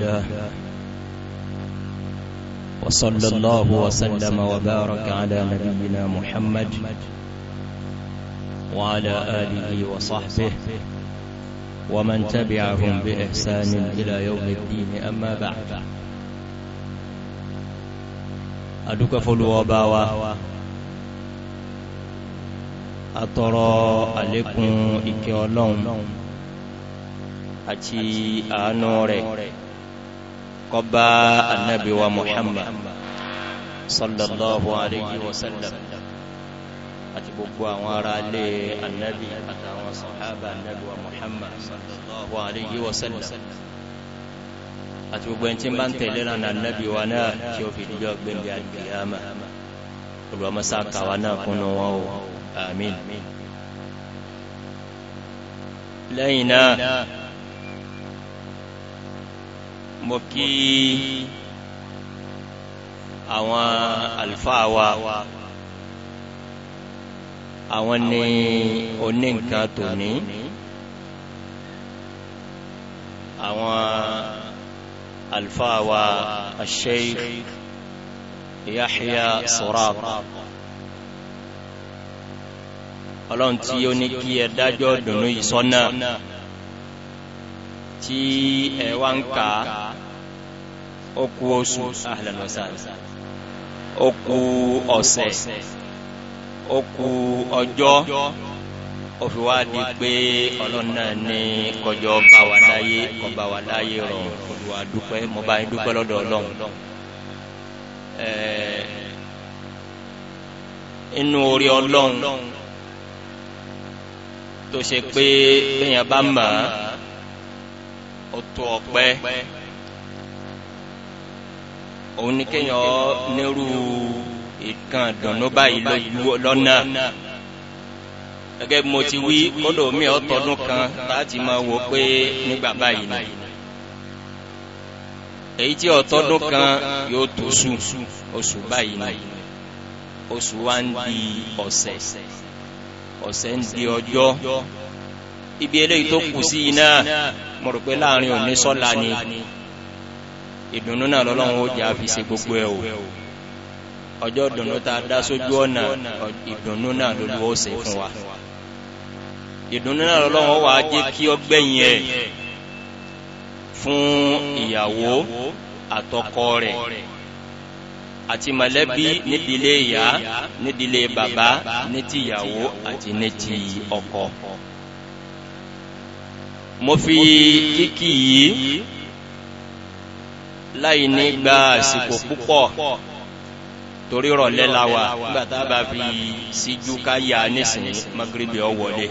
الله وصلى الله وسلم وبارك على نبينا محمد وعلى آله وصحبه ومن تبعهم بإحسان إلى يوم الدين أما بعد أدوك فلو وباوا أترى عليكم إكيالون أتي آنوري kọba anabi wa muhammad sallallahu alayhi wa sallam àti gbogbo àwọn ará ilé anabi àtàwọn sọ̀hábà anabi wa muhammad sallallahu alayhi wa sallam àti gbogbo ẹni tí ń bá ń tẹ̀lé lánà anabi wa náà tí ó fi dijọ́ gbẹ̀ndẹ̀ àgbéyàmà olùwàmọ́sá kàwa náà kúnnú o amin lẹ́yìn náà mo kí àwọn àlùfáà wa àwọn ni onínkan tòní àwọn àlùfáà wa Sheikh Yahya Surat ọlọ́run tí ó ní kí ẹ dájọ́ dùnú ìsọ́nà tí ẹ wá ń kà á ó kú oṣù ahlan wa sahlan ó kú ọ̀sẹ̀ ó kú ọjọ́ ó fi wá di pé ọlọ́nà ní kọjọ bá wa láyé kọba wa láyé rọ olùwà mo bá yín dúpẹ́ lọ́dọ̀ ọlọ́run inú orí ọlọ́run tó ṣe pé bẹ́yàn bá mọ̀ ọ́ ọ̀tọ̀ ọ̀pẹ òun ni kéèyàn nírú ìkan dùnú báyìí lọ́nà gẹ́gẹ́ bí mo ti wí kódò mi ọ̀tọ̀dún kan láti máa wò pé nígbà báyìí ni èyí tí ọ̀tọ̀dún kan yóò tó sùn oṣù báyìí ni oṣù wa ń di ọ̀sẹ̀ ọ̀sẹ̀ ń di ọjọ́ ibi eléyìí tó kù sí iná mo rò pé láàrin òní sọ́la ni ìdùnnú náà lọ́lọ́run ó jà fi ṣe gbogbo ẹ̀ o ọjọ́ ìdùnnú ta dá sójú ọ̀nà ìdùnnú náà ló lọ́wọ́ ṣe fún wa ìdùnnú náà lọ́lọ́run ó wà á jẹ́ kí ọ gbẹ̀yìn ẹ̀ fún ìyàwó àtọkọ rẹ̀ àti mọ̀lẹ́bí nídìílé ìyá nídìílé bàbá nítìyàwó àti nítì ọkọ mo fi kíkì yìí láì ní gba àsìkò púpọ̀ torí rọ̀lẹ́ láwà nígbàtá bá fi síjú káyà nísìn magribi ọwọ́lé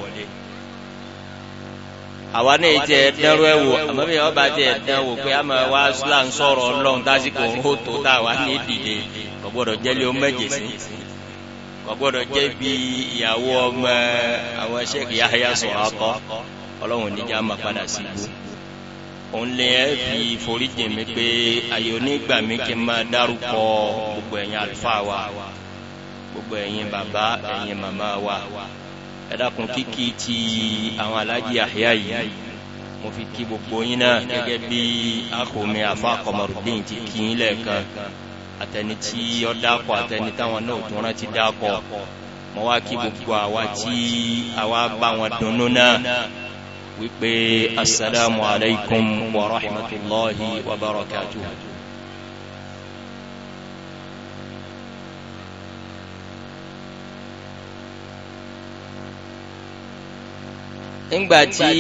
àwa náà jẹ́ ẹ̀dẹ́rú ẹ̀wò àmọ́bí ọba jẹ́ ẹ̀dẹ́wò pé a máa wá sílá ń sọ̀rọ̀ ọlọ́run tásìkò ó tó táwa ní ìdìde kọ̀gbọ́dọ̀ jẹ́lé ó mẹ́jẹ̀ sí kọ̀gbọ́dọ̀ jẹ́ bí ìyàwó ọmọ àwọn ṣẹ́kì yáyà sọ̀rọ̀ akọ́ ọlọ́run níjà máa padà sí ibú òun lè ẹ́ fi forí jẹ mi pé ayò nígbà mi kí n máa dárúkọ gbogbo ẹ̀yin àlùfáà wa gbogbo ẹ̀yin bàbá ẹ̀yin màmá wa ẹ dákun kíkí ti àwọn alájí àyà yìí mo fi kí gbogbo yín náà gẹ́gẹ́ bí akọ̀mi àfa kọmọrùdín ti kí yín lẹ́ẹ̀kan àtẹni tí ọ dákọ̀ àtẹni táwọn náà tó rántí dákọ̀ mo wá kí gbogbo àwa tí àwa bá wọn dunnú náà wípé assalamu alaikum wa rahmatullahi wa barakatuh nígbàtí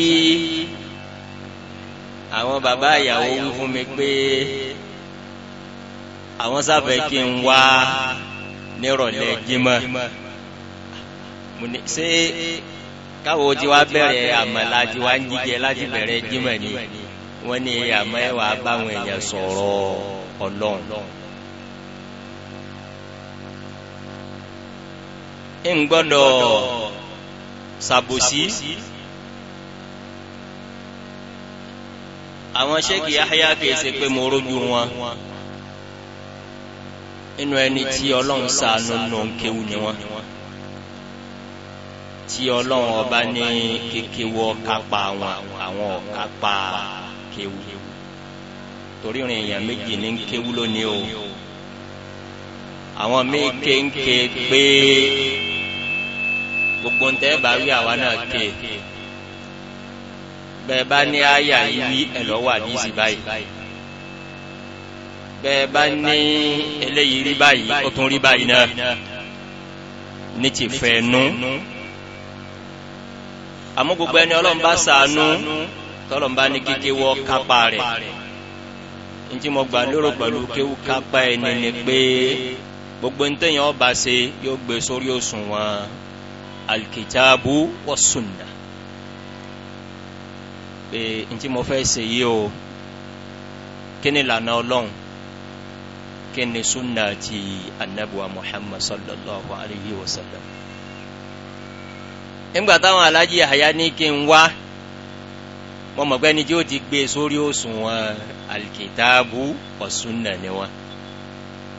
àwọn bàbá ìyàwó ń fún mi pé àwọn sáfẹ́ kí n wá nírọ̀lẹ́ jímọ̀ ṣé káwo tí wàá bẹ̀rẹ̀ àmọ́ láti wá ń jíjẹ láti bẹ̀rẹ̀ jímọ̀ ni wọ́n ní àmọ́ ẹ̀ wàá báwọn èèyàn sọ̀rọ̀ ọlọ́run. ń gbọ́dọ̀ sàbòsí àwọn ṣéèkì yáháyá kìí ṣe pé mo rójú wọn inú ẹni tí ọlọ́run sàánú nù ń kéwu ni wọn tí ọlọ́run ọba ní kékewọ́ kápá wọn àwọn kápá kéwu torí rìn èèyàn méjì ní kéwu lónìí o àwọn míì kéńké pé gbogbo ń tẹ́ bá rí àwa náà ké bẹ́ẹ̀ bá ní àyà yìí ẹ̀ lọ́wọ́ àdìsí báyìí bẹ́ẹ̀ bá ní eléyìí rí báyìí ó tún rí báyìí náà ní ti fẹ́ nú àmọ́ gbogbo ẹni ọlọ́run bá sàánú tọ́lọ́run bá ní kíké wọ́ kápá rẹ̀ ntí mo gbà lérò pẹ̀lú kéwù kápá ẹni ni pé gbogbo ntẹ̀yìn ọba ṣe yóò gbé sórí òṣùwọ̀n alikitaabu wa sunna pé ntí mo fẹ́ ṣe yìí o kí ni lànà ọlọ́run kí ni sunna ti anabuwa muhammad sallallahu alayhi wa sallam nígbà táwọn alájí àyà ní kí n wá wọn mọ̀ pé ẹni ó ti gbé e sórí òṣùwọ̀n alkitabu ọ̀sùnà ni wọn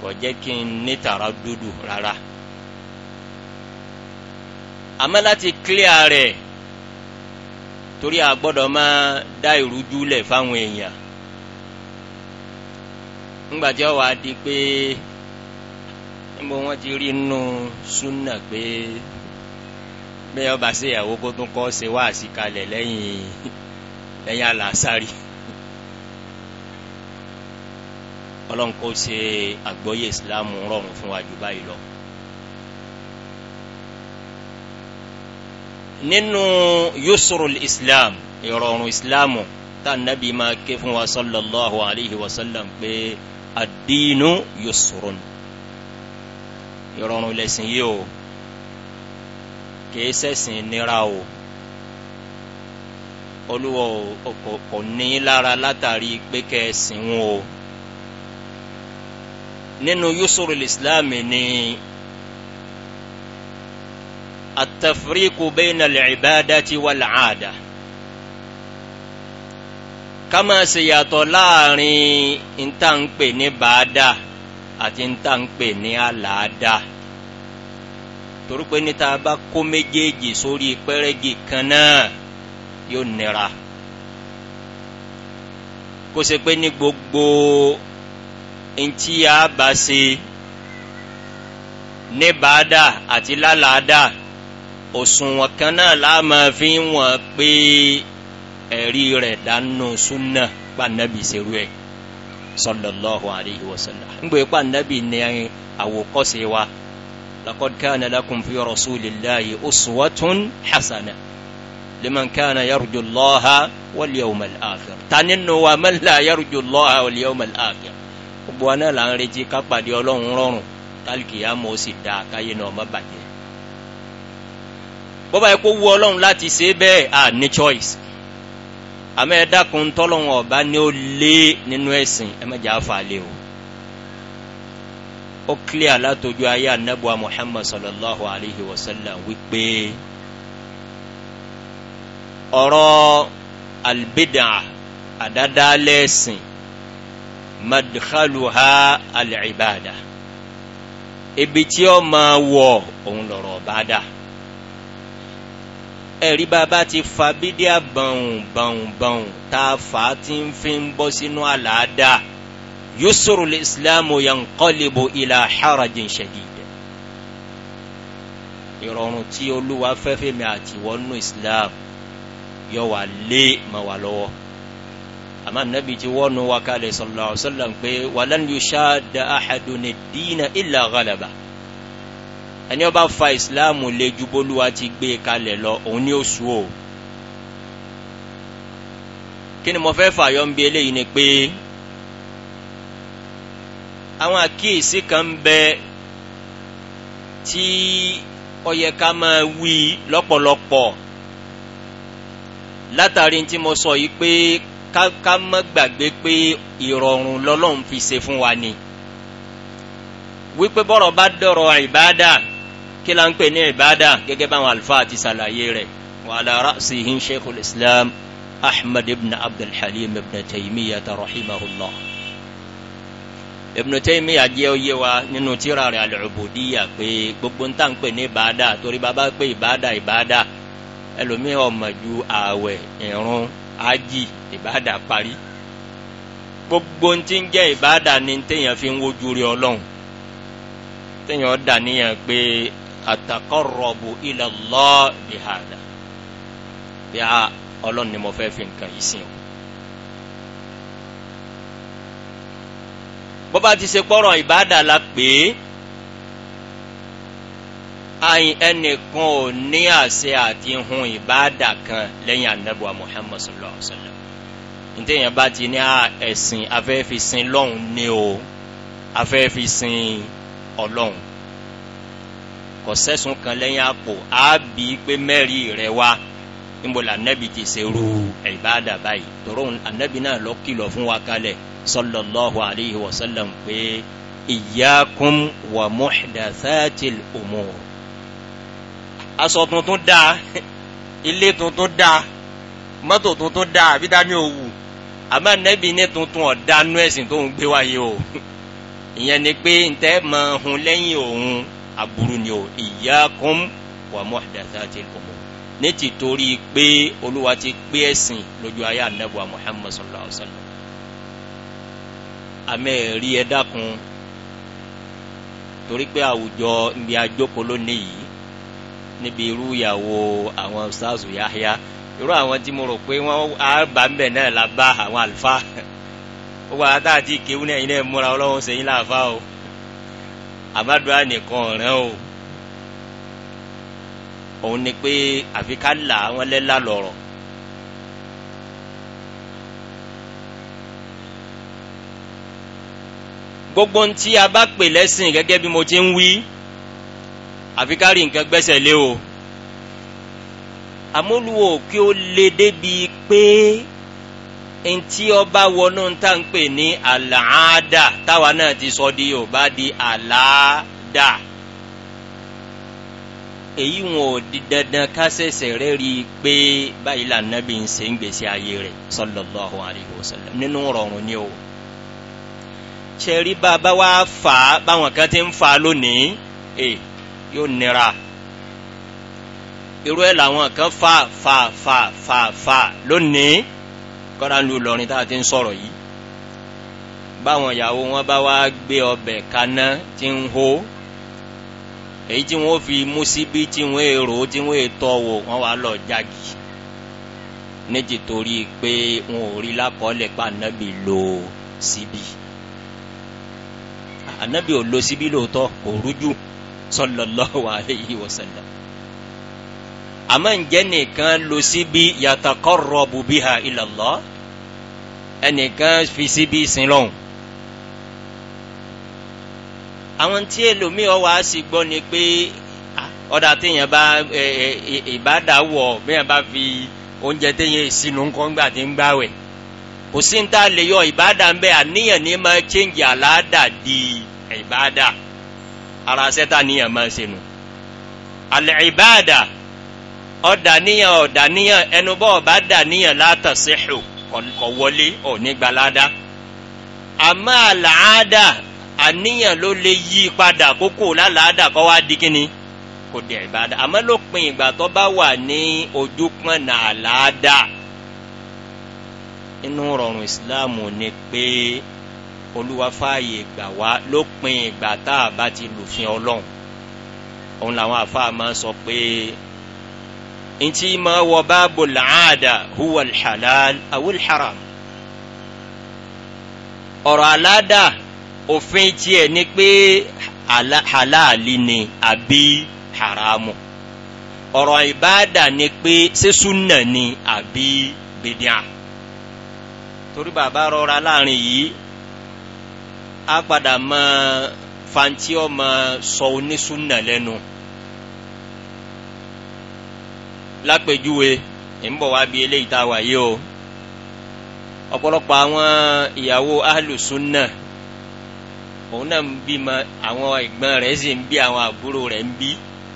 kò jẹ́ kí n ní tàrà dúdú rárá àmọ́ láti clear rẹ̀ torí a gbọ́dọ̀ máa dá ìrújú lẹ̀ fáwọn èèyàn ńgbàtí ọwọ́ adi pé níbo wọ́n ti rí inú súnà pé bí yẹn bá ṣe ìyàwó kó tún kọ́ ṣe wá àṣìkalẹ̀ lẹ́yìn lẹ́yìn àlàásárì ọlọ́run kó ṣe àgbọ́yé ìsìlámù rọrùn fún wa jù báyìí lọ. nínú yusrul islam ìrọ̀rùn ìsìlámù tá nàbí máa ké fún wa sallallahu alayhi wa sallam pé àdínú yusrun ìrọ̀rùn lẹ́sìn yìí o kìí sẹ̀sìn nira o olúwa kò ní lára látàrí pé kẹ́ẹ̀sìn wọn o nínú yusuf islam ni atafiriku bẹ́ẹ̀nà lẹ́ẹ̀bẹ́dá ti wà láàdá kama se yàtọ̀ láàrin ntànpè ní bàádà àti ntànpè ní àlàádà torí pé níta bá kó méjèèjì sórí pẹ́rẹ́gì kan náà yóò nira kó se pé ní gbogbo ntí a bá se ní bàádà àti lálàádà òsùnwọ̀n kan náà láàmà fi ń wọ̀n pé ẹ̀rí rẹ̀ dánú súnà pàǹdàbì serú ẹ̀ sọlọ́lọ́hu àdéhùwọ̀sọ̀lá ń gbé pàǹdàbì ní àwòkọ́sẹ̀ wa. لقد كان لكم في رسول الله أسوة حسنة لمن كان يرجو الله واليوم الآخر تنن من لا يرجو الله واليوم الآخر وانا لا نرجي كبا دي أولون تلك يا موسي دا كاين وما بجي bọ́bá ẹ̀kọ́ wú ọlọ́run láti ṣe bẹ́ẹ̀ à ní choice àmọ́ ẹ̀dá kan tọ́lọ́run ọ̀bá ní ó lé nínú ẹ̀sìn ẹ̀mẹ́jà fà lé o ó clear látojú ayé anábuwa muhammad sallallahu alaihi wasallam wípé ọ̀rọ̀ albida àdádálẹ́sìn madhaluha al'ibada ibi tí ó máa wọ òun lọ̀rọ̀ bada ẹ̀rí bàbá ti fa bídíà bàùn bàùn bàùn tá a fà ti ń fi ń bọ́ sínú àlàádáa yusuru islamu yanqalibu ila harajin shadid ìrọ̀rùn tí olúwa fẹ́fẹ́ mi àti wọnú islam yọ wà lé ma wà lọ́wọ́ àmà nàbí ti wọ́nu wa kalẹ̀ sallallahu alaihi wasallam pé walan yushadda ahadun ad-dina illa ghalaba ẹni ọba fa islam lé ju bólúwa ti gbé e kalẹ̀ lọ òun ni ó sú o kí ni mo fẹ́ fàyọ́ ń bí eléyìí ni Pe àwọn àkíyèsí kan bẹ tí ó yẹ ká máa wí lọ́pọ̀lọpọ̀ látàrí tí mo sọ yìí pé ká má gbàgbé pé ìrọ̀rùn lọ́lọ́run fi ṣe fún wa ni wípé bọ́rọ̀ bá dọ̀rọ̀ ìbáadà kí la ń pè ní ìbáadà gẹ́gẹ́ báwọn àlùfáà ti ṣàlàyé rẹ̀ wa ala ra'sihi sheikhul islam ahmad ibn abdulhalim ibn taymiyata rahimahullah ìbùnútẹ́mí àjẹ́ oyé wa nínú tíra rẹ̀ àlùbòdíyà pé gbogbo ń tàn pè ní ìbáadà torí bàbá pé ìbáadà ìbáadà ẹlòmí ọmọ ju ààwẹ̀ ìrún ájì ìbáadà parí gbogbo ń ti ń jẹ́ ìbáadà ni téèyàn fi ń wojú rí ọlọ́run téèyàn dà níyàn pé àtàkọ́rọ̀bù ilẹ̀ lọ́ọ́ bìhàdà bí a ọlọ́run ni mo fẹ́ fi nǹkan yìí sìn ọ́ bọ́bá ti ṣe pọ́rọ̀ ìbádà la pè é ayin ẹnìkan ò ní àṣẹ àti hun ìbádà kan lẹ́yìn anábọ̀à muhammad sallallahu alaihi wa sallam ntẹ̀yìn bá ti ní ẹ̀sìn afẹ́fisìn lọ́hùn ní o afẹ́fisìn ọlọ́hùn kò sẹ́sùn kan lẹ́yìn àpò àbí pé mẹ́rin rẹ̀ wá níbo lànàbì ti ṣerú ìbádà báyìí tòrò ànàbì náà lọ́kìlọ̀ fún wa kalẹ̀ sallallahu alayhi wa sallam pé ìyákun wà muhdathatil umur aṣọ tuntun dá ilé tuntun dá mọ́tò tuntun dá àbídámi òwú àmọ́ nẹ́bí ní tuntun ọ̀dá nú ẹ̀sìn tó ń gbé wáyé o ìyẹn ni pé ntẹ́ mọ̀ ohun lẹ́yìn òun aburú ni o ìyákun wà muhdathatil umur ní ti torí pé olúwa ti pé ẹ̀sìn lójú ayé anabuwa muhammad sallallahu alaihi àmẹ́ ẹ̀rí ẹ dákun torí pé àwùjọ ibi àjókòó lónìí yìí níbi irú ìyàwó àwọn ṣáàzù yáyá irú àwọn tí mo rò pé wọ́n á bá ń bẹ̀ náà la bá àwọn àlùfáà ó wà tá àti ìkéwú náà iná múra ọlọ́run sẹ́yìn láàfá o àbádùá nìkan ọ̀ràn o òun ni pé àfikà là wọ́n lẹ́la lọ̀rọ̀ gbogbo ń tí a bá pè lẹ́sìn gẹ́gẹ́ bí mo ti ń wí àfi ká rí nǹkan gbẹ́sẹ̀ lé o àmúlùwò kí ó le débi pé ntí ọba wọnú tá ń pè ní àlàáda táwa náà ti sọ di yorùbá di àlàáda èyí wọn ò di dandan ká ṣẹ̀ṣẹ̀ rẹ̀ rí i pé báyìí lànà bí ń ṣe ń gbèsè ayé rẹ̀ sọlọ́lọ́hu àríwọ̀sọ̀lẹ̀ nínú rọrùn ni o ṣe rí bàbá wa fà á báwọn kan ti ń fa lónìí ẹ yóò nira irú ẹ làwọn kan fa fa fa fa fa lónìí kọ́ra ń lu lọ́rin tá a ti ń sọ̀rọ̀ yìí báwọn ìyàwó wọn bá wá gbé ọbẹ̀ kaná tí ń hó èyí tí wọn fi mú síbí tí wọn èrò tí wọn ètò wọn wá lọ jági ní títorí pé wọn ò rí lákọọ́lẹ̀ pa ànábì lò síbí. Si anabi ò lo síbí lóòótọ́ kò rújú sallallahu alayhi wa sallam àmọ́ ǹjẹ́ nìkan lo síbí yataqarrabu biha ila Allah ẹnìkan fi síbí sin lọ́hùn àwọn tí èlòmíì ọwọ́ á sì gbọ́ ni pé ọ̀dà téèyàn bá ìbádà wọ̀ béèyàn bá fi oúnjẹ téèyàn sínú ńkọ́ tí ń gbáwẹ̀ kò sí ní ta lè yọ ìbádà ń bẹ́ àníyàn ní máa chéǹjì àláàdà di ìbáadà ara sẹ́ta níyàn máa ṣe nù alẹ́ ìbáadà ọ̀dà níyàn ọ̀dà níyàn ẹnubọ́ ọ̀bá dà níyàn látàṣẹ́hù kọ̀ wọlé ò ní gbalada àmọ́ àlàáda àníyàn ló lè yí padà kókó lálàáda kọ́ wá di kíni kò dẹ̀ ìbáadà àmọ́ lópin ìgbà tó bá wà ní ojúpọ̀nà àlàáda inú rọrùn ìsìláàmù ni pé olúwa fààyè gbà wá lópin ìgbà tá a bá ti lòfin ọlọ́run òun làwọn àfáà máa sọ pé ntí máa wọ báàbò làádà huwa alhalal awul haram ọ̀rọ̀ aládà òfin tiẹ̀ ni pé halali ni àbí haramu ọ̀rọ̀ ìbáàdà ni pé sísúnà ni àbí bìdíà torí bàbá rọra láàrin yìí a padà mọ fanti ọmọ sọ onísúnà lẹnu lápèjúwe ń bọ̀ wá bí eléyìí tá a wà yìí o ọ̀pọ̀lọpọ̀ àwọn ìyàwó ahlùsúnà òun náà ń bímọ àwọn ìgbọ́n rẹ̀ sì ń bí àwọn àbúrò rẹ̀ ń bí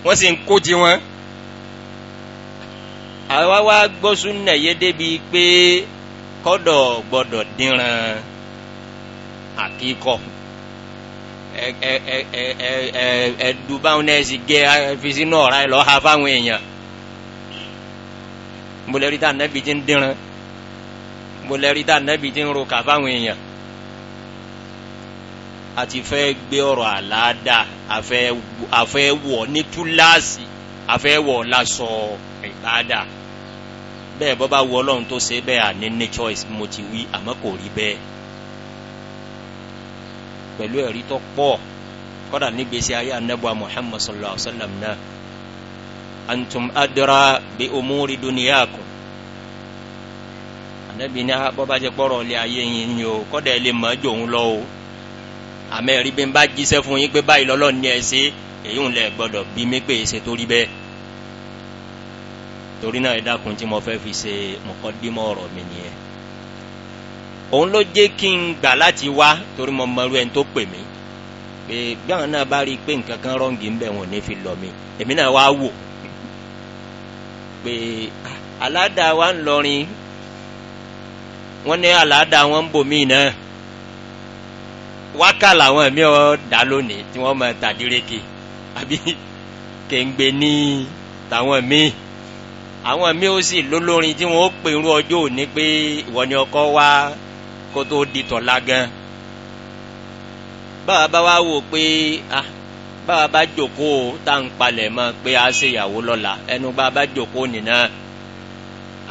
wọ́n sì ń kó ti wọn. àwa wá gbọ́ súnà yé débi pé kọ́dọ̀ gbọ́dọ̀ dínran. àkíkọ ẹ̀ẹ́dùbáwọnẹ́sì gẹ́ fisi náà ra lọ ha fáwọn èèyàn mọ̀lẹ́rítà nẹ́bì tí ń dínran mọ̀lẹ́rítà nẹ́bì tí ń roka fáwọn èèyàn a ti fẹ́ gbé ọ̀rọ̀ àláàdà àfẹ́ wọ̀ ní túláàsì àfẹ́ wọ̀ lásọ ìbáàdà bẹ́ẹ̀ bọ́ bá wọ ọlọ́run tó ṣe bẹ́ẹ̀ à ní choice mo ti wí àmọ́ kò rí bẹ́ẹ̀ pẹ̀lú ẹ̀rí tó pọ̀ kọ́dà nígbèsí ayé anábọ̀ muhammad sallallahu alaihi wa sallam náà antum adra bi umuri duniyakum anabi ní ah, bọ́bá jẹ́ pọ́rọ̀ ilé ayé yín ni o kọ́dà ẹ lè mọ̀ ẹ́ jòun lọ o àmẹ́ rí bí n bá jíṣẹ́ fún yín pé báyìí lọ́lọ́ ní ẹ ṣe èyí ń lẹ̀ gbọ́dọ̀ bí mi pé ṣe torí bẹ́ẹ̀ torí náà ẹ dákun tí mo fẹ́ fi ṣe mọ̀kọ́dímọ̀ ọ̀rọ̀ mi nìyẹn òun ló jẹ́ kí n gbà láti wá torí mo mọ̀rú ẹni tó pè mí pé bí àwọn náà bá rí i pé nǹkan kan rọ́ǹgì ń bẹ̀ wọ́n ní fi lọ mi èmi náà wá wò pé aládàá wa ń lọrin wọ́n ní aládàá wọn ń bòmí náà wákà làwọn ẹ̀mí ọ̀ dá lónìí tí wọ́n mọ̀ tàdíreke àbí kéńgbé ní tàwọn míì àwọn míì ó sì lólórin tí wọ́n ó pè irú òní pé ìwọ ni ọkọ wá kó tó di tọ̀la gan báwa bá wá wò pé ah báwa bá jòkóo tá à ń palẹ̀ mọ́ pé a ṣe ìyàwó lọ́la ẹnu bá bá jòkóo nìna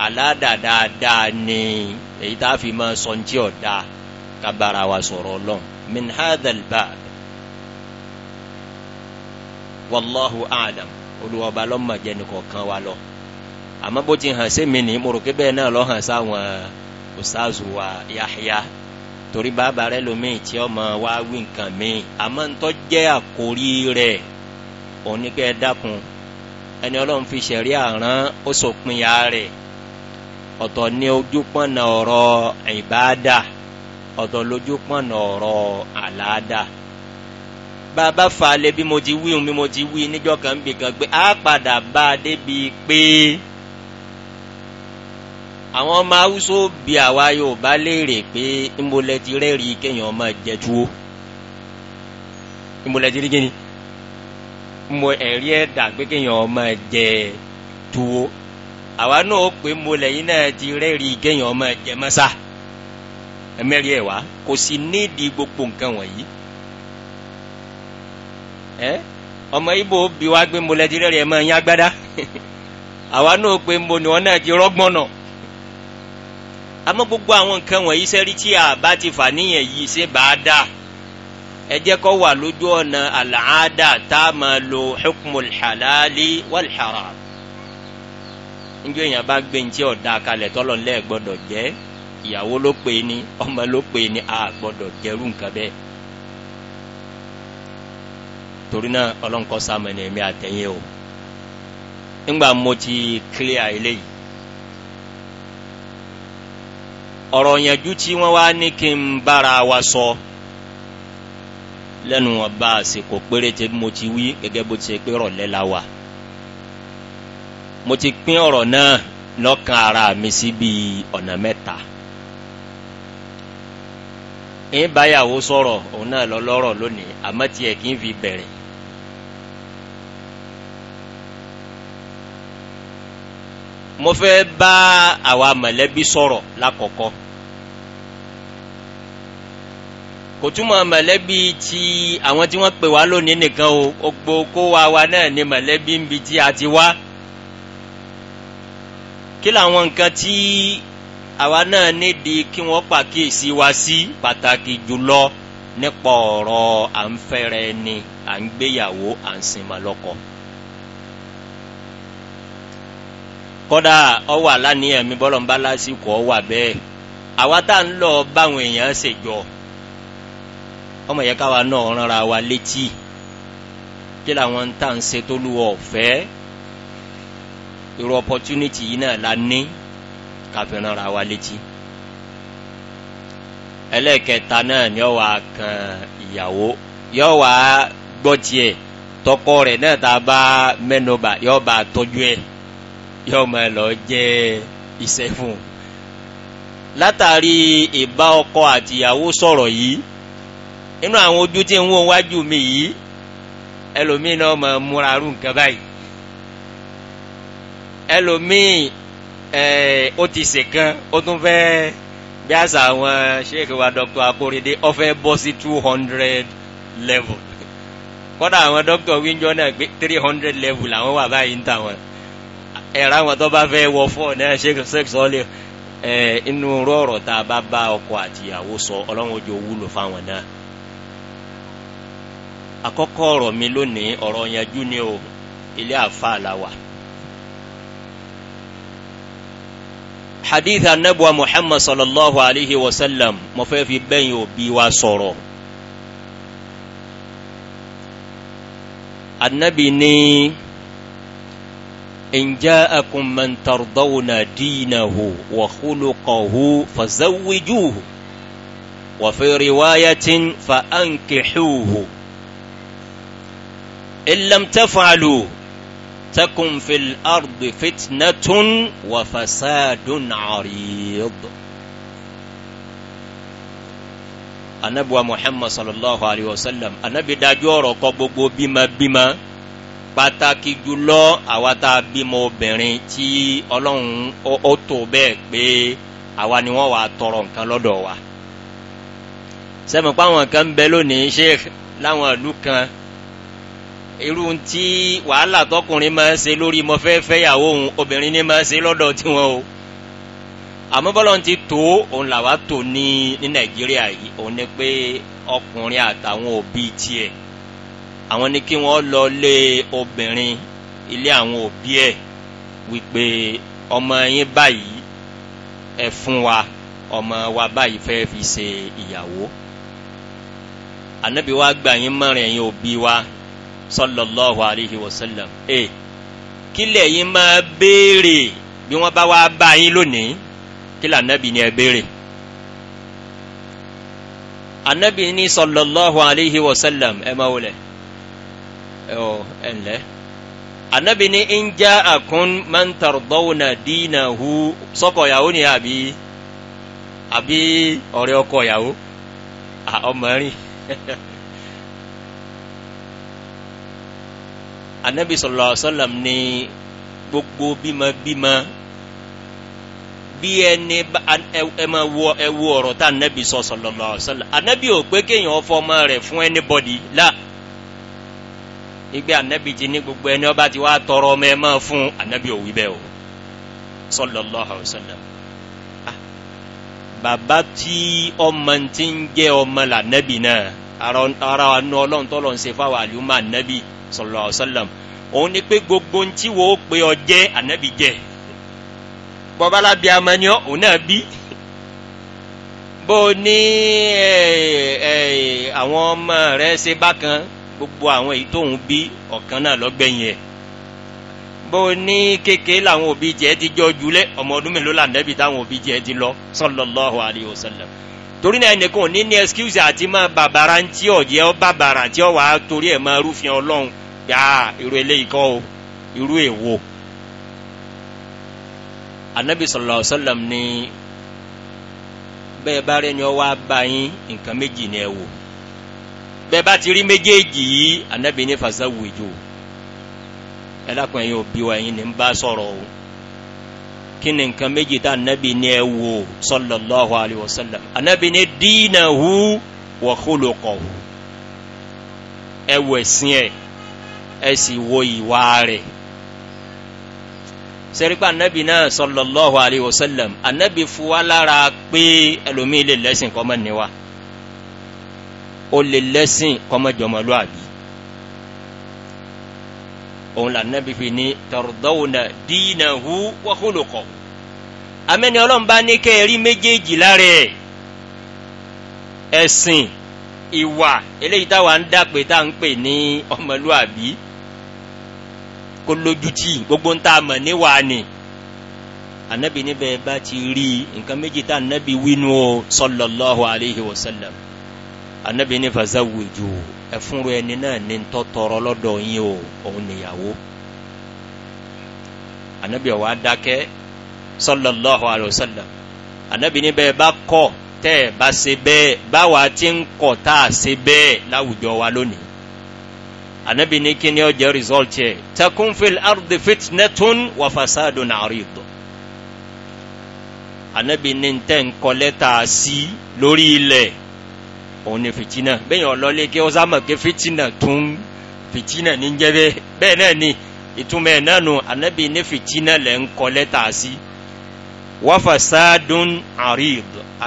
aládàádáadáa ni èyí tá a fi mọ́ sọ́ńtì ọ̀dà kábàárà wa sọ̀rọ̀ ọlọ́run min hadal bab wallahu alam olùwọ̀ba lọ́mọ jẹ́ nìkan kan wa lọ àmọ́ bó ti hàn sí mi ní mo rò pé bẹ́ẹ̀ náà lọ́ hàn sáwọn ustaazu wa yahya torí bàbá rẹ lomiin tí ọmọ wa wí nǹkan miin àmọ́ ntọ́ jẹ́ àkórí rẹ̀ òní kẹ́ ẹ dákun ẹni ọlọ́run fi ṣẹ̀rí àrán ó sòpin ya rẹ̀ ọ̀tọ̀ ní ojúpọ̀nà ọ̀rọ̀ ìbáadà ọ̀tọ̀ lójúpọ̀nà ọ̀rọ̀ àláàdà bàbá falẹ̀ bí mo ti wí bí mo ti wí níjọ́ kan bìkan pé á padà bá a débi pé. Pe àwọn ọmọ haúsó bí àwa yorùbá léèrè pé ìmọ̀lẹ̀ ti rẹ́rì kéèyàn ọmọ jẹ tuwo ìmọ̀lẹ̀ ti rí kíni mo ẹ̀rí ẹ̀dà pé kéèyàn ọmọ jẹ tuwo àwa náà pé mọ̀lẹ̀ yìí náà ti rẹ́rì kéèyàn ọmọ jẹ ẹ̀mẹ́rì ẹ̀ wá kò sí nídìí gbogbo nǹkan wọ̀nyí ẹ́ ọmọ ibo bí wá gbé mọ̀lẹ̀ ti rẹ́rì ẹ̀ mọ́ agbádá àwa náà pé mọ̀lẹ̀ wọn náà ti rọ́gbọ́n náà àmọ́ gbogbo àwọn nǹkan wọ̀nyí sẹ́rí tí a bá ti fà níyẹn yìí ṣe bá a dà ẹ jẹ́ kó wà lójú ọ̀nà àlàáda tá a máa lo xukumul xalaali wal xaraam njẹ́ èèyàn bá gbé ní tí ọ̀dà kalẹ̀ tọ́lọ̀ lẹ́ẹ̀ gbọ́dọ̀ jẹ́ ìyàwó ló pè ní ọmọ ló pè ní a gbọ́dọ̀ jẹ́rú nǹkan bẹ́ẹ̀ torí náà ọlọ́nkọ́ sámẹ́ni èmi àtẹ̀yìn o nígbà mo ti clear eléyìí. ọ̀rọ̀ yànjú tí wọ́n wá ní kí n bára wa sọ lẹ́nu ọba àsìkò péréte mo ti wí gẹ́gẹ́ bó ti pé rọ̀lẹ́ la wà mo ti pín ọ̀rọ̀ náà lọ́kàn ara mi sí bí ọ̀nà mẹ́ta ń báyàwó sọ̀rọ̀ òun náà lọ lọ́rọ̀ lónìí àmọ́ tiẹ̀ kì í fi bẹ̀rẹ̀ mo fẹ́ bá àwa mọ̀lẹ́bí sọ̀rọ̀ lákọ̀ọ́kọ́ kò túmọ̀ mọ̀lẹ́bí ti àwọn tí wọ́n pè wá lónìí nìkan o gbogbo kó wa wa náà ni mọ̀lẹ́bí ń bi tí a ti wá kí làwọn nǹkan tí àwa náà nídìí kí wọ́n pàkíyèsí wa sí pàtàkì jùlọ nípa ọ̀rọ̀ à ń fẹ́rẹ̀ ni à ń gbéyàwó à ń sinmi lọ́kọ̀. kódà ọwọ́ àlàníyàn mi bọ́lọ̀ ń bá lásìkò ọwọ́ àbẹ́ẹ̀ àwa tá à ń lọ báwọn èèyàn ṣèjọ́ ọmọ yẹ káwa náà ránra wa létí kí làwọn tá à ń ṣe tó lúwọ ọ̀fẹ́ irú opportunity yìí náà la ní káfí ránra wa létí ẹlẹ́ẹ̀kẹta náà ni ọ wà kan ìyàwó yọ wà gbọ́ tiẹ̀ tọkọ rẹ̀ náà ta bá mẹ́nubà yọ bá tọ́jú ẹ̀ yọ máa lọ jẹ́ iṣẹ́ látàrí ìbá ọkọ àtìyàwó sọ̀rọ̀ yìí inú àwọn ojú tí ń wọ wájú mi yìí ẹlòmíì náà mọ̀ múra rú nǹkan báyìí ẹlòmíì ẹ ó ti ṣèkan ó tún fẹ́ bí àṣà àwọn ṣéèkì wa dr akorede ó fẹ́ bọ́ sí two hundred level kọ́dà àwọn dr wíńjọ́ náà gbé three hundred level làwọn wà báyìí ń tà wọ́n ẹ̀rọ àwọn tó bá fẹ́ wọ fọ́ náà ṣéèkì sẹ́kìsọ́lì ẹ̀ inú rọ̀rọ̀ tá a bá bá ọkọ̀ àtìyàwó sọ ọlọ́run ojú owó lò fáwọn náà àkọ́kọ́ ọ̀rọ̀ mi lónìí ọ̀rọ̀ yanjú ni o ilé àfa àlàwà. hadith anabuwa muhammad sallallahu alayhi wa sallam mo fẹ́ fi bẹ́yìn òbí wa sọ̀rọ̀. anabi ni ìjà akumantardawna diinahu wa khuluqahu fazawwijuhu wa fi riwayatin fa illam tafalu takun fil ardi fitnatun wa fasadun arid anabiwa muhammad sallallahu alayhi wa sallam anabi dájú ọ̀rọ̀ kọ gbogbo bímabíma pàtàkì jùlọ àwa tá a bímọ obìnrin tí ọlọ́run ó tó bẹ́ẹ̀ pé àwa ni wọ́n wà á tọrọ nǹkan wa sẹ́mi pa àwọn kan ń bẹ lónìí sheikh láwọn ìlú kan irú tí wàhálà tọkùnrin máa ń ṣe lórí mo fẹ́ fẹ́yàwó òun obìnrin ní máa ń ṣe lọ́dọ̀ tiwọn o àmọ́ bọ́lọ̀ ti tó òun làwa tó ní ní nàìjíríà yìí òun ni pé ọkùnrin àtàwọn òbí tiẹ̀ àwọn ni kí wọ́n lọ lé obìnrin ilé àwọn òbí ẹ̀ wípé ọmọ yín báyìí ẹ fún wa ọmọ wa báyìí fẹ́ fi ṣe ìyàwó ànábì gbà yín mọ́rin ẹ̀yin òbí wa sallallahu alayhi wa sallam ẹ kílẹ̀ yìí máa béèrè bí wọ́n bá wá bá yín lónìí kílẹ̀ ànábì ni ẹ béèrè ànábì ní sallallahu alayhi wa sallam ẹ máa wọlé ẹ ọ ẹ ǹlẹ́ ànábì ní ń já àkún man tardawna dinahu sọ́kọ̀ ìyàwó ni àbí àbí ọ̀rẹ́ ọkọ ìyàwó ọmọ rìn anabi sọlọ sọlọm ní gbogbo bímọ bímọ bí ẹni ẹmọ wọ ẹwọ ọrọ tá anabi sọ sọlọ sọlọ anabi ò pé kéèyàn fọmọ rẹ fún ẹnibọdì la igbe anabi ti ní gbogbo ẹni ọba ti wá tọrọ ọmọ ẹ máa fún anabi òwí bẹ́ẹ̀ o sọlọ sọlọ ah, bàbá tí ọmọ ti ń jẹ ọmọ là nẹbi náà ara ọ̀nà ọlọ́run tọ́lọ̀ ń se fáwọn àlùmọ́ ànábì sọ̀rọ̀ ọ̀sọ́lọ̀m òun ni pé gbogbo ń tí wo pé ọ jẹ́ ànábì jẹ́ bọ́bálá bí a mọ́ ni ọ́ òun náà bí bó ní àwọn ọmọ rẹ̀ ṣe bákan gbogbo àwọn èyí tóun bí ọ̀kan náà lọ́gbẹ̀yìn ẹ̀ bó ní kékeré làwọn òbí jẹ́ ti jọ jùlẹ̀ ọmọ ọdún mélòó là nẹ́bi táwọn òbí jẹ́ ti lọ sọ́lọ́lọ́hu àdìyẹ òsèlè torí náà ẹnìkan ò ní ní excuse àti máa bàbàrà ń tí ọ̀jẹ́ ọ bàbàrà tí ọ wà á torí ẹ̀ máa rúfin ọlọ́run yà á irú eléyìí kọ́ o irú èwo. anabi sọlọ sọlọm ni bẹ́ẹ̀ bá rẹ̀ ni ọ wá bá yín nǹkan méjì ni ẹ wò bẹ́ẹ̀ bá ti rí méjèèjì yìí anabi ní fasa wùjọ ẹ dákun ẹ̀yin òbí wa ẹ̀yin ni ń bá sọ̀rọ̀ o kí ni nǹkan méjì tá anábì ní ẹ wò sallallahu alayhi wa sallam anábì ní dínàhù wa khuluqahu ẹ wò ẹ̀sìn ẹ̀ ẹ sì wo ìwà rẹ̀ sẹ́ríkpá anábì náà sallallahu alayhi wa sallam anábì lára pé ẹlòmíì lè lẹ́sìn kọ́mọ níwá ó lè lẹ́sìn kọ́mọ jọmọlúwàbí òun là nẹ́bí fi ní tọ̀rọ̀dọ́wọ̀nà dínà hu wọ́kúlùkọ̀ amẹ́ni ọlọ́run bá ní kẹ́ẹ̀rí méjèèjì lára ẹ̀ ẹ̀sìn ìwà eléyìí táwa ń dápè tá ń pè ní ọmọlúàbí kó lójú tí gbogbo ń tá a mọ̀ níwà ni anabi níbẹ̀ bá ti rí nǹkan méjì tá anabi wínú sọlọ́lọ́hu aleyhi wa sallam anabi ní fàzáwìjú o ẹ̀fúnru ẹni náà ní tọ́ tọrọ lọ́dọ̀ yín o òun nìyàwó anabi ọ̀wá dákẹ́ sọlọ́lọ́hu àlùsọ́lá anabi ní bẹ́ẹ̀ bá kọ́ tẹ́ ẹ̀ bá ṣe bẹ́ẹ̀ báwa ti ń kọ̀ tá a ṣe bẹ́ẹ̀ láwùjọ wa lónìí anabi ní kí ni ó jẹ́ yẹ takunfil ardi fitnetun wa fasadun arido anabi ní tẹ́ ń kọ́ lẹ́tà sí lórí ilẹ̀. òun ni fìtínà bẹ́yìn ọlọ́lé kí ó sámọ̀ fìtínà tún fìtínà ní jẹ́bẹ́ bẹ́ẹ̀ náà ni ìtumẹ̀ náà nù ní fìtínà ń kọ lẹ́tà sí sáádùn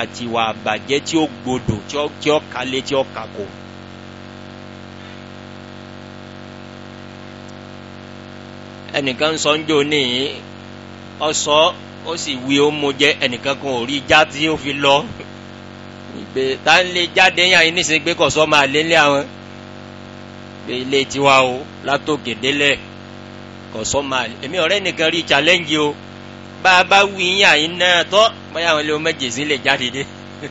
àti wà àbàjẹ́ tí ó gbodò tí ó kalẹ̀ tí ó kàkó. ẹnìkan sọ ń jò ní ọsọ ó sì wí ó kan ò rí já tí fi lọ pé tá ń lè jáde yàn yín nísìnyí pé kọ̀sọ́ máa lé lé àwọn pé ilé tiwa o látòkè délẹ̀ kọ̀sọ́ máa lé èmi ọ̀rẹ́ nìkan rí challenge o bá a bá wí yàn yín náà tọ́ báyà àwọn ilé ọmọ jèsì lè jáde dé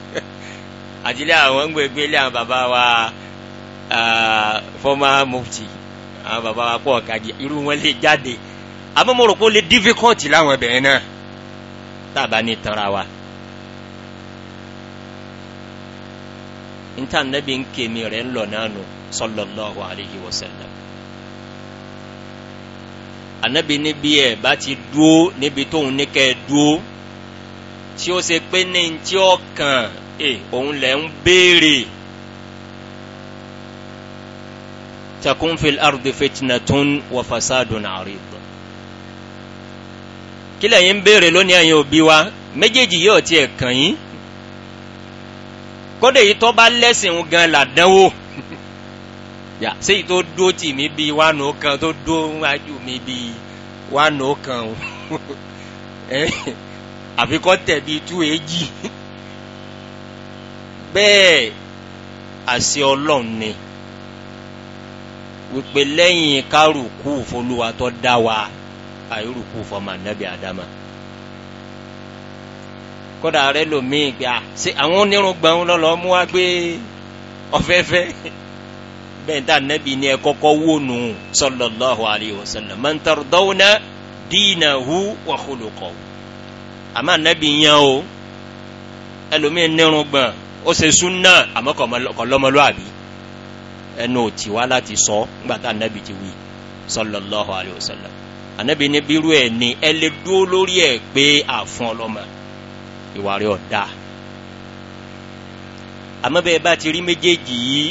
àtìlẹ àwọn ń gbẹgbẹ ilé àwọn bàbá wa fọmà mufti àwọn bàbá wa pọ̀ kàdí irú wọn lè jáde àmọ́ mo rò pé ó lè difficult láwọn ẹbẹ̀rẹ̀ náà tá a bá ní tanra wa. níta nẹ́bí ń kèmí rẹ̀ ń lọ náà nù sọlọ́lọ́hu alayhi wa sallam. ànábì níbi ẹ̀ bá ti dúó níbi tóun ní kẹ́ ẹ dúó tí ó ṣe pé ní tí ó kàn ẹ òun lẹ̀ ń béèrè. takun fil ardi fitnatun wa fasadun arid kílẹ̀ yín ń béèrè lónìí ẹ̀yin òbí wa méjèèjì yóò tiẹ̀ kàn yín kódé yìí tó bá lẹ́sìn gan làdánwò yà sí yìí tó dúó tì mí bíi wánú kan tó dúó wájú mi bíi wánú kan o àfikọ́ tẹ̀ bíi tú èjì bẹ́ẹ̀ àṣẹ ọlọ́run ni wípé lẹ́yìn kárùkù fọlúwa tó dá wa àìrùkù fọmọ ànábì àdámà kọ́dà rẹ lòmíì gbà ṣe àwọn onírúgbọ̀n lọ́lọ́ mú wá gbé ọ̀fẹ́fẹ́ bẹ́ẹ̀ dá nẹ́bí ni ẹ kọ́kọ́ wò nù sọlọ́láhu alayhi wa sallam mọ̀ntàrúdọ́wọ́nà dínà hu wàhùlùkọ̀ àmọ́ nẹ́bí yẹn o ẹlòmíì nírúgbọ̀n ó ṣe súnà àmọ́ kọ̀lọ́mọlúàbí ẹnu ò tí wá láti sọ nígbà tá nẹ́bí ti wí sọlọ́láhu alayhi ànẹ́bí ni bírú ẹ̀ ni ẹ lè dúró lórí ẹ̀ pé àfún ọlọ́mọ ìwà rẹ̀ ọ̀dà àmọ́ bẹ́ẹ̀ bá ti rí méjèèjì yìí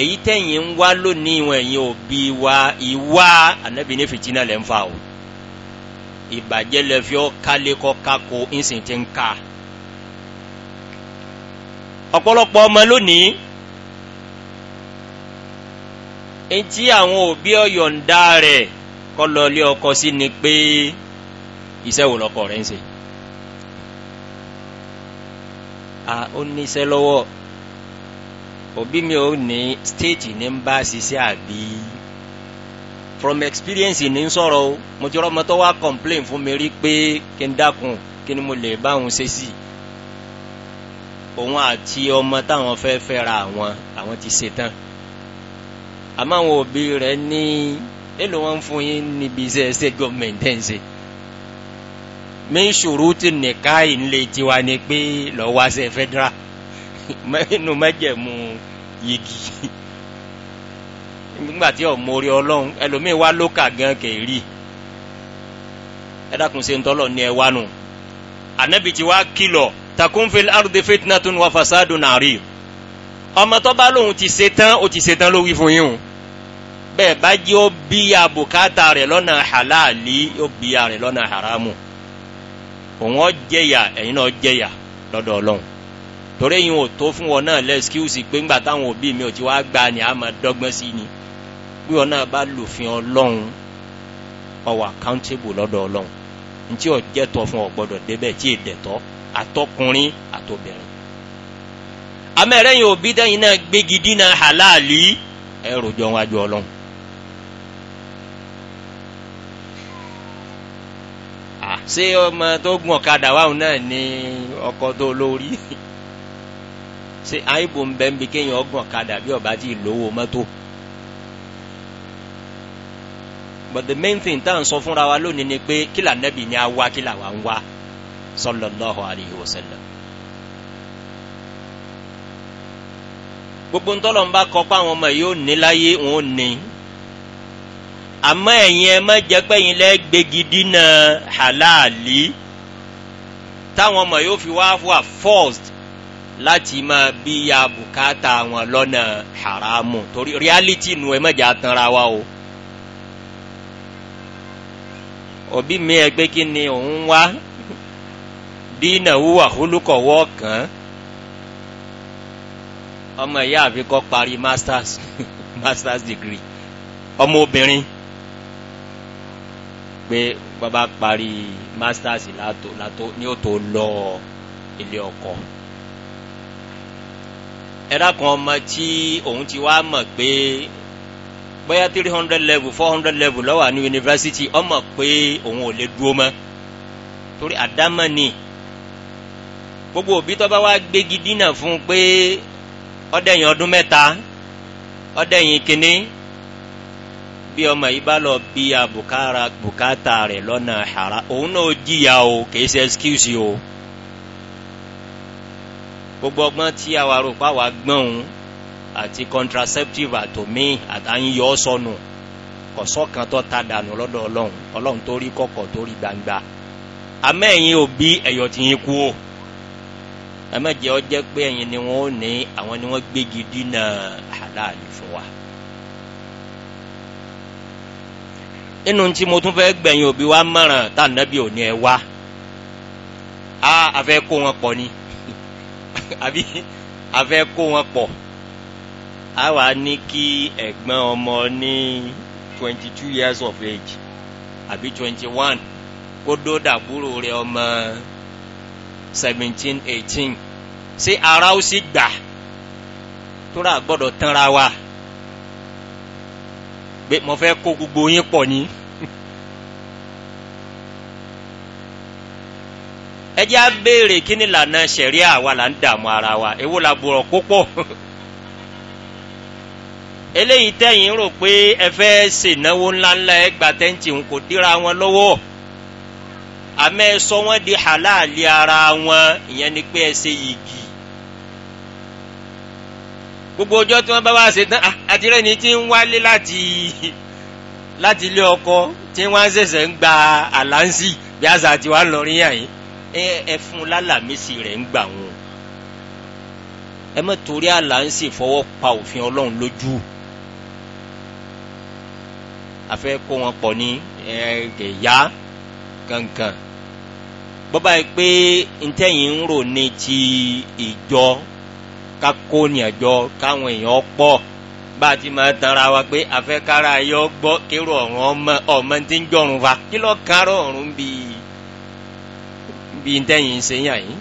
èyí tẹ̀yìn ń wá lónìí wọn ẹ̀yìn òbí wa ìwá ànábì ní fìtínà lẹ́ ń fa o ìbàjẹ́ lẹ fi ọ́ kálékọ́ kákó ìsìn ti ń ka ọ̀pọ̀lọpọ̀ ọmọ lónìí etí àwọn òbí ọ̀yọ̀ǹda rẹ̀ kọ́ lọ ilé ọkọ sí ni pé iṣẹ́ wo lọkọ rẹ̀ ń ṣe. a ó níṣẹ́ lọ́wọ́ òbí mi ò ní stéètì ní ń bá ṣiṣẹ́ àbí from experience ní ń sọ̀rọ̀ o mo ti rọ́mọ tó wá complain fún mi rí pé kí n dákun kí ni mo lè bá òun ṣe sí òun àti ọmọ táwọn fẹ́ fẹ́ra àwọn àwọn ti ṣetán àmọ́ àwọn òbí rẹ̀ ní èlò wọn fún yín níbi iṣẹ́ state government min ṣùrútì nìkáì nílé tiwa ni pé lọ́wọ́ àṣẹ federal mẹ́nu mẹ́jẹ̀mú yìgì nígbàtí ọmọ orí ọlọ́run ẹlòmíín wá lókà gan kèrí ẹ̀dàkùn se ń tọ́lọ̀ ní ẹwà nù ànẹ́bì tí wá kìlọ̀ takunfil ardi fitna tún wà fasadun àrí ọmọ tó ti ṣe tán ti ṣe tán ló wí fún o bẹ́ẹ̀ bá jẹ́ ó bí abùkátà rẹ̀ lọ́nà halali ó bí rẹ̀ lọ́nà haramu. òun ọ jẹyà ẹ̀yin náà ya lọ́dọ̀ ọlọ́run torí yìí tó fún wọn náà lẹ́skíwùsì pé ńgbà táwọn òbí mi ò ti wá gba ní a máa sí ni bí wọn náà bá lòfin ọlọ́run ntí fún ọ tí àtọkùnrin òbí náà jọ wájú ṣé ọmọ tó gun ọ̀kadà wáhùn náà ní ọkọ̀ tó lórí ṣe àìbò ń bẹ́ ń bi kéèyàn ọgbọ̀n ọ̀kadà bí ọba ti lówó mọ́tò but the main thing tá à ń sọ fúnra wa lónìí ni pé kílà nẹ́bì ni a wá kílà wa ń wá sọlọ́lọ́hùn àríyí wọ́sẹ̀lẹ̀. gbogbo ń tọ́lọ̀ ń bá kọ́ pé àwọn ọmọ yìí ó ní láyé wọn ní àmọ́ ẹ̀yin ẹ mọ́ jẹ́ pẹ́yìn lẹ́gbẹ̀gì dínà halali táwọn ọmọ yóò fi wá wà forced láti máa bí ya bùkátà wọn lọ́nà haramu torí reality nu ẹ mọ́jà tanra wa o òbí mi ẹgbẹ́ kí ni òun wá dínà wúwà hólùkọ̀wọ́ kàn ọmọ ìyá àfikọ́ parí masters masters degree ọmọ obìnrin pé bàbá parí masters látò látò ní ó tó lọ ilé ọkọ ẹ̀dá kan ọmọ tí òun ti wá mọ̀ pé bóyá three hundred level four hundred level lọ́wọ́ ní university ọmọ pé òun ò lè dúró mọ́ torí àdámọ́ ni gbogbo òbí tó bá wá gbégi dínà fún un pé ọdẹ̀yìn ọdún mẹ́ta ọdẹ̀yìn kìnínní bí ọmọ yìí bá lọ bí a bùkára bùkátà rẹ̀ lọ́nà àhàrà òun náà jìyà o kìí ṣe excuse o gbogbo ọgbọ́n tí àwa rò pa wá gbọ́n òun àti contraceptive àtòmí àtàyíyọ sọnù kọ̀sọ́kan tó ta dànù lọ́dọ̀ ọlọ́run ọlọ́run tó rí kọ̀kọ̀ tó rí gbangba amẹ́yìn òbí ẹ̀yọ̀ tí yín kú o ẹ má ọ jẹ́ pé ẹ̀yin ni wọ́n ní àwọn ni wọ́n gbégi dínà àdáàlì fún wa. inú tí mo tún fẹ́ gbẹ̀yìn òbí wa mọ̀ràn tá ànábì ò ní ẹ wá a àfẹ́ kó wọn pọ̀ ni àbí àfẹ́ kó wọn pọ̀ a wà ní kí ẹ̀gbọ́n ọmọ ní twenty two years of age àbí twenty one kó dódà kúrò rẹ ọmọ seventeen eighteen ṣé ara ó sì gbà tó rà gbọ́dọ̀ tanra wa pé mo fẹ́ kó gbogbo yín pọ̀ ní. ẹ jẹ́ á béèrè kí ni lànà sẹ̀ríà wa là ń dààmú ara wa èwo la bùrọ̀ kó pọ̀ eléyìí tẹ̀yìn rò pé ẹ fẹ́ ṣènáwó ńláńlá ẹ gba tẹ́ǹtì ń kò dira wọn lọ́wọ́ àmẹ́ sọ wọ́n di halali ara wọn ìyẹn ni pé ẹ ṣe yìgì gbogbo ọjọ́ tí wọ́n bá wá ṣe tán ah, àti rẹ̀ ní tí ń wálé láti láti ilé ọkọ tí wọ́n ṣẹ̀ṣẹ̀ ń gba àlánsì bí àṣà tí wọ́n lọ rí yàn yín ẹ fún lálàmísì rẹ̀ ń gbà wọn ẹ mọ̀ torí àlánsì fọwọ́ pa òfin ọlọ́run lójú àfẹ́ kó wọn pọ̀ ní ẹ̀ẹ́dẹ̀yà kankan bọ́bá yìí pé ntẹ́yìn ń rò ní ti ìjọ ká kó níyànjọ káwọn èèyàn pọ̀ bá a ti máa tanra wa pé afẹ́kára yọ gbọ́ kérò ọ̀run ọmọ ọmọ tí ń jọrùn wa kí lọ́ọ́ kárọ̀ ọ̀run bíi bíi ntẹ́yìn ṣèyàn yìí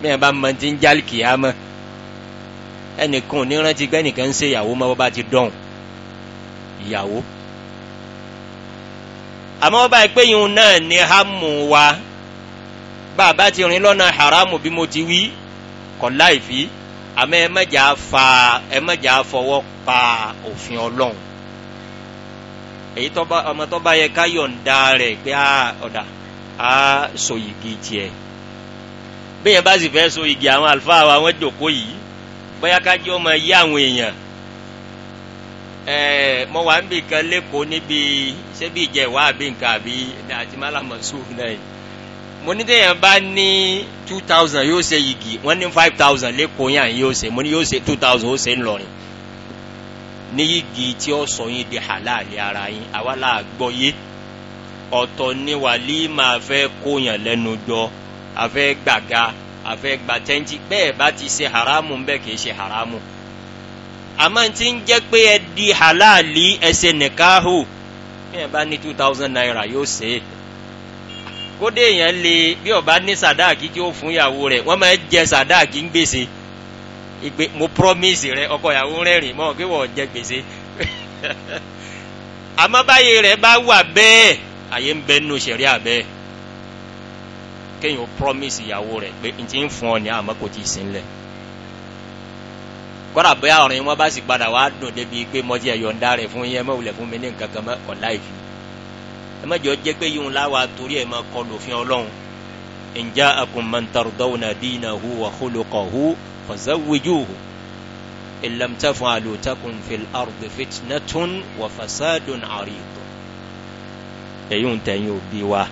bẹ́ẹ̀ bá mọ ti ń jálì kìá mọ́ ẹnìkan ò ní rántí pé ẹnìkan ń ṣe ìyàwó mọ́ bá ti dọ̀hùn ìyàwó. àmọ́ bá a náà ni hámù wa bàbá ti rìn lọ́nà haramu bí mo ti wí kọ̀ láì fi àmọ́ ẹ fa ẹ mẹ́jà fọwọ́ pa òfin ọlọ́run èyí ọmọ tó bá yẹ ká yọ̀ǹda rẹ̀ pé á ọ̀dà á so igi tiẹ̀ bẹ́ẹ̀ bá sì fẹ́ so igi àwọn àlùfáà wa wọ́n jòkó yìí bóyá ká jẹ́ ọmọ yí àwọn èèyàn ẹ̀ẹ́ mo wà ń bì kan lẹ́kọ̀ọ́ níbi ṣé bí ìjẹ̀wá àbí nǹkan àbí àti málàmọ́sù náà yìí mo ní téèyàn bá ní two thousand yóò ṣe yìgì wọ́n ní five thousand lẹ́kọ̀ọ́ yàn yóò ṣe mo ní yóò ṣe two thousand ó ṣe ń lọrin ní yìgì tí ó sọ yín di halali ara yín àwa là gbọ́ yé ọ̀tọ̀ ni wàlí máa fẹ́ kóyàn lẹ́nu jọ àfẹ́ gbàga àfẹ́ gbàtẹ́ntì bẹ́ẹ̀ bá ti ṣe haramu bẹ́ẹ̀ kì í ṣe haramu àmọ́ tí ń jẹ́ pé ẹ di halali ẹsẹ̀ nìkan hù bí ẹ bá ní two thousand naira yóò ṣe é kódé èèyàn lè bí ọba ní sàdáàkì tí ó fún ìyàwó rẹ̀ wọ́n máa jẹ sàdáàkì ń gbèsè ìgbé mo promise rẹ ọkọ ìyàwó rẹ́rìn mọ́ kí wọ́n jẹ gbèsè àmọ́ báyìí rẹ̀ bá wà bẹ́ẹ̀ àyè ń bẹ nínú sẹ̀rí àbẹ́ kéèyàn promise ìyàwó rẹ̀ pé n ti ń fún ọ ní àmọ́ kò tí ì sínlẹ̀ kọ́dà bẹ́ẹ̀ àrùn yìí wọ́n bá sì padà wá dùn débi pé mọ́tí ẹ̀yọ̀ ń dá rẹ̀ fún yẹn mọ́ fún mi ní nǹkan kan mọ́ ọ̀ láìfi ẹ má jọ jẹ́ pé yíwọn láwa torí ẹ̀ máa kọlu òfin ọlọ́run ǹjẹ́ akùnmọ̀ntàrúdọ́wò náà dínà hu wà kólókọ̀ hu ọ̀sẹ̀wéjú hu ìlàmtẹ́fún àlòtẹ́kùn fìl àrùdì fìtínẹ́tún wà fàṣádùn àríyìtọ̀ èyí ń tẹ̀yìn òbí wa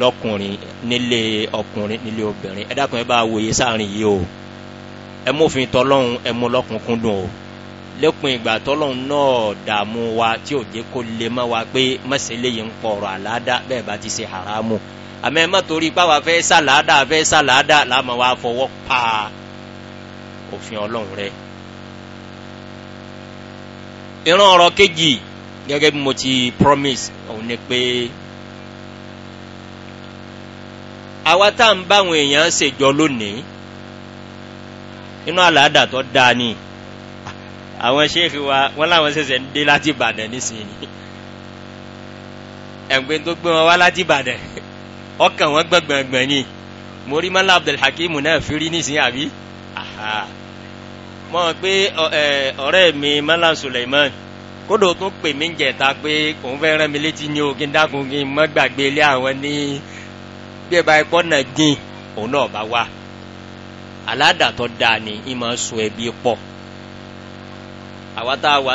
lọkùnrin nílé ọkùnrin nílé obìnrin ẹ bá wòye sáàrin yìí o ẹ òfin tọ́lọ́run ẹ lọ́kùnkúndùn o lẹ́kùn ìgbà tọ́lọ́hún náà dààmú wa tí ò jẹ́ kó lè mọ́ wa pé mọ́sẹ̀ léyìn ń pọ̀rọ̀ àládá bẹ́ẹ̀ bá ti ṣe haramu àmọ́ ẹ má torí páwa fẹ́ sàládà fẹ́ sàládà láàmọ́ wa fọwọ́ pa òfin ọlọ́run rẹ. ìran ọ̀rọ̀ kejì gẹ́gẹ́ bí mo ti promise òun ni pé àwa tá à ń báwọn èèyàn ṣèjọ lónìí inú àládà tó dáa ni. Pe, àwọn sheikh wa wọn làwọn ṣẹ̀ṣẹ̀ ń dé láti ìbàdàn nísìnyí ẹgbẹ́ tó gbé wọn wá láti ìbàdàn ọkàn wọn gbọ̀ngbọ̀ngbọ̀n ni mo rí mọ́lá abdulhakeem náà fi rí nísìnyí àbí mọ̀ pé ọ̀rẹ́ mi mọ́lá suleiman kódò tún pè mí jẹ̀ta pé òun fẹ́ rán mi létí ní ogin dákun kí n mọ́ ilé àwọn ní bí ẹ bá náà gbìn òun náà bá wà aládàtọ̀ dáa ni ìmọ̀ sùn ẹbí pọ̀ àwa tá a wà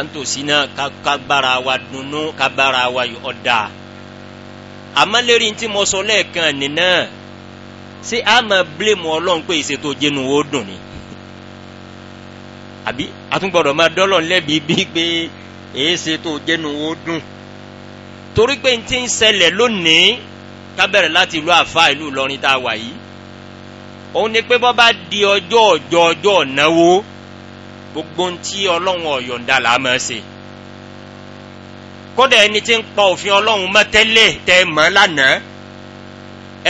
náà kábàárà wa dunnú kábàárà wa ọ̀dà àmọ́ lérí tí sọ lẹ́ẹ̀kan nìna ṣé a máa bílẹ̀mù ọlọ́run pé ìṣètò jẹnu ó dùn ni àbí àtúngbọ̀dọ̀ máa dọ́lọ̀ lẹ́bi bíi pé èyí ṣètò jẹnu ó dùn torí pé n ti ń ṣẹlẹ̀ lónìí kábẹ̀rẹ̀ láti ìlú àfa ìlú ìlọrin tá a wà yìí òun ni pé bọ́ bá di ọjọ́ ọjọ́ ọjọ́ náwó gbogbo ntí ọlọ́run ọ̀yọ̀ǹda là á máa ṣe kódà ẹni tí ń pa òfin ọlọ́run mọ́ tẹ́lẹ̀ tẹ́ mọ́ lánàá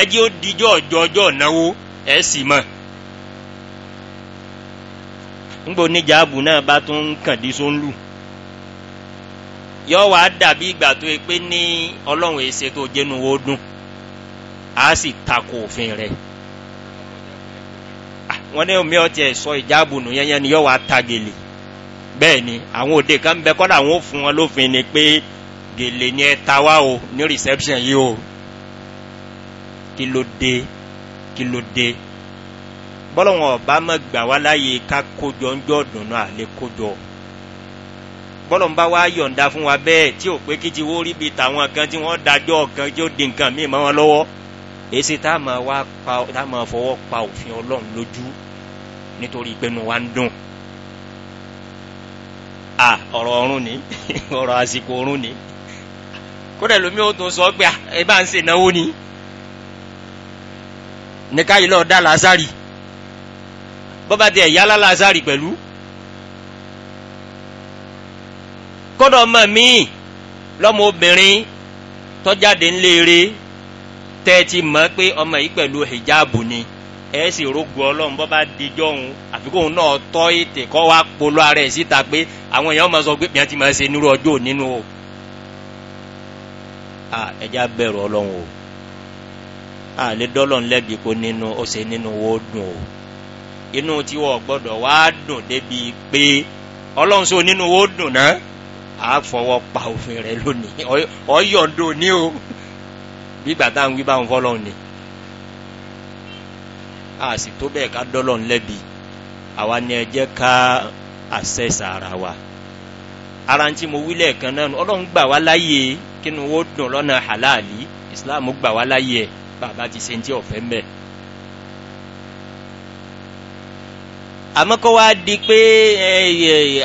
ẹjẹ́ ó dijọ́ ọjọ́ ọjọ́ náwó ẹ̀ sì mọ́ ńgbò níjà ààbò náà bá tún ń kàn dí sóńlù yọ wàá dàbí ìgbà tó yẹ pé ní ọlọ́run èsè tó jẹ́nu ó dùn á sì takò òfin rẹ̀ wọn ní omi ọtí ẹ̀sọ́ ìjáàbùnú yẹn ni yọ wá ta gèlè bẹ́ẹ̀ ni àwọn òde kan bẹ kọ́dà àwọn ò fún wọn lófin ni pé gèlè ni ẹ ta wá o ní reception yìí o kí ló dé kí ló dé bọ́lọ̀wọ̀n ọba mọ̀ gbà wá láyé ká kójọ ńjọ́ dùnú àlè kójọ bọ́lọ̀n bá wá yọ̀ǹda fún wa bẹ́ẹ̀ tí ò pé kí ti wó rí bi tàwọn kan tí wọ́n dájọ́ kan tí ó di nǹkan míì wọn lọ́wọ́ èsì tá a máa wá pa tá a máa fọwọ́ pa òfin ọlọ́run lójú nítorí ìpinnu wa ń dùn à ọ̀rọ̀ ọ̀run ni ọ̀rọ̀ àsìkò ọ̀run ni kódà lómi ó tún sọ pé ẹ bá ń ṣe náwó ni nìka yìí lọ́ọ́ dá làásàrì bọ́bá tiẹ̀ yálà làásàrì pẹ̀lú kódà ọmọ mi lọ́mọ obìnrin tọ́jáde ńlẹ́ẹ̀rẹ́ tẹ́ẹ̀tì mọ̀ pé ọmọ yìí pẹ̀lú hijabu ni ẹ sì rogo ọlọ́run bọ́ bá dijọ́ òun àfikún náà tọ́ ètè kọ́ wá polo ara ẹ̀ síta pé àwọn èèyàn máa sọ pé bíyàn ti máa ṣe nírú ọjọ́ nínú o ẹja bẹ̀rù ọlọ́run o àlè dọ́lọ́n lẹ́bi kó nínú ó ṣe nínú wo dùn o inú tí gbọ́dọ̀ wá dùn débi pé ọlọ́run sọ nínú wo dùn náà àá fọwọ́ pa òfin rẹ lónìí ọyọ̀ ndò ní o bí ìgbà táwọn wí báwọn fọlọ́ ni a sì tó bẹ́ẹ̀ ká dọ́lọ̀ ńlẹ́bi àwa ni ẹ ká àṣẹ́sà ara wa ara ń tí mo wí lẹ́ẹ̀kan náà ọlọ́run gbà wá láyè kínú ó dùn lọ́nà àláàlì islam gbà wá láyè ẹ̀ bàbá ti se ń tí ọ̀fẹ́ mẹ́ àmọ́kọ́ wá di pé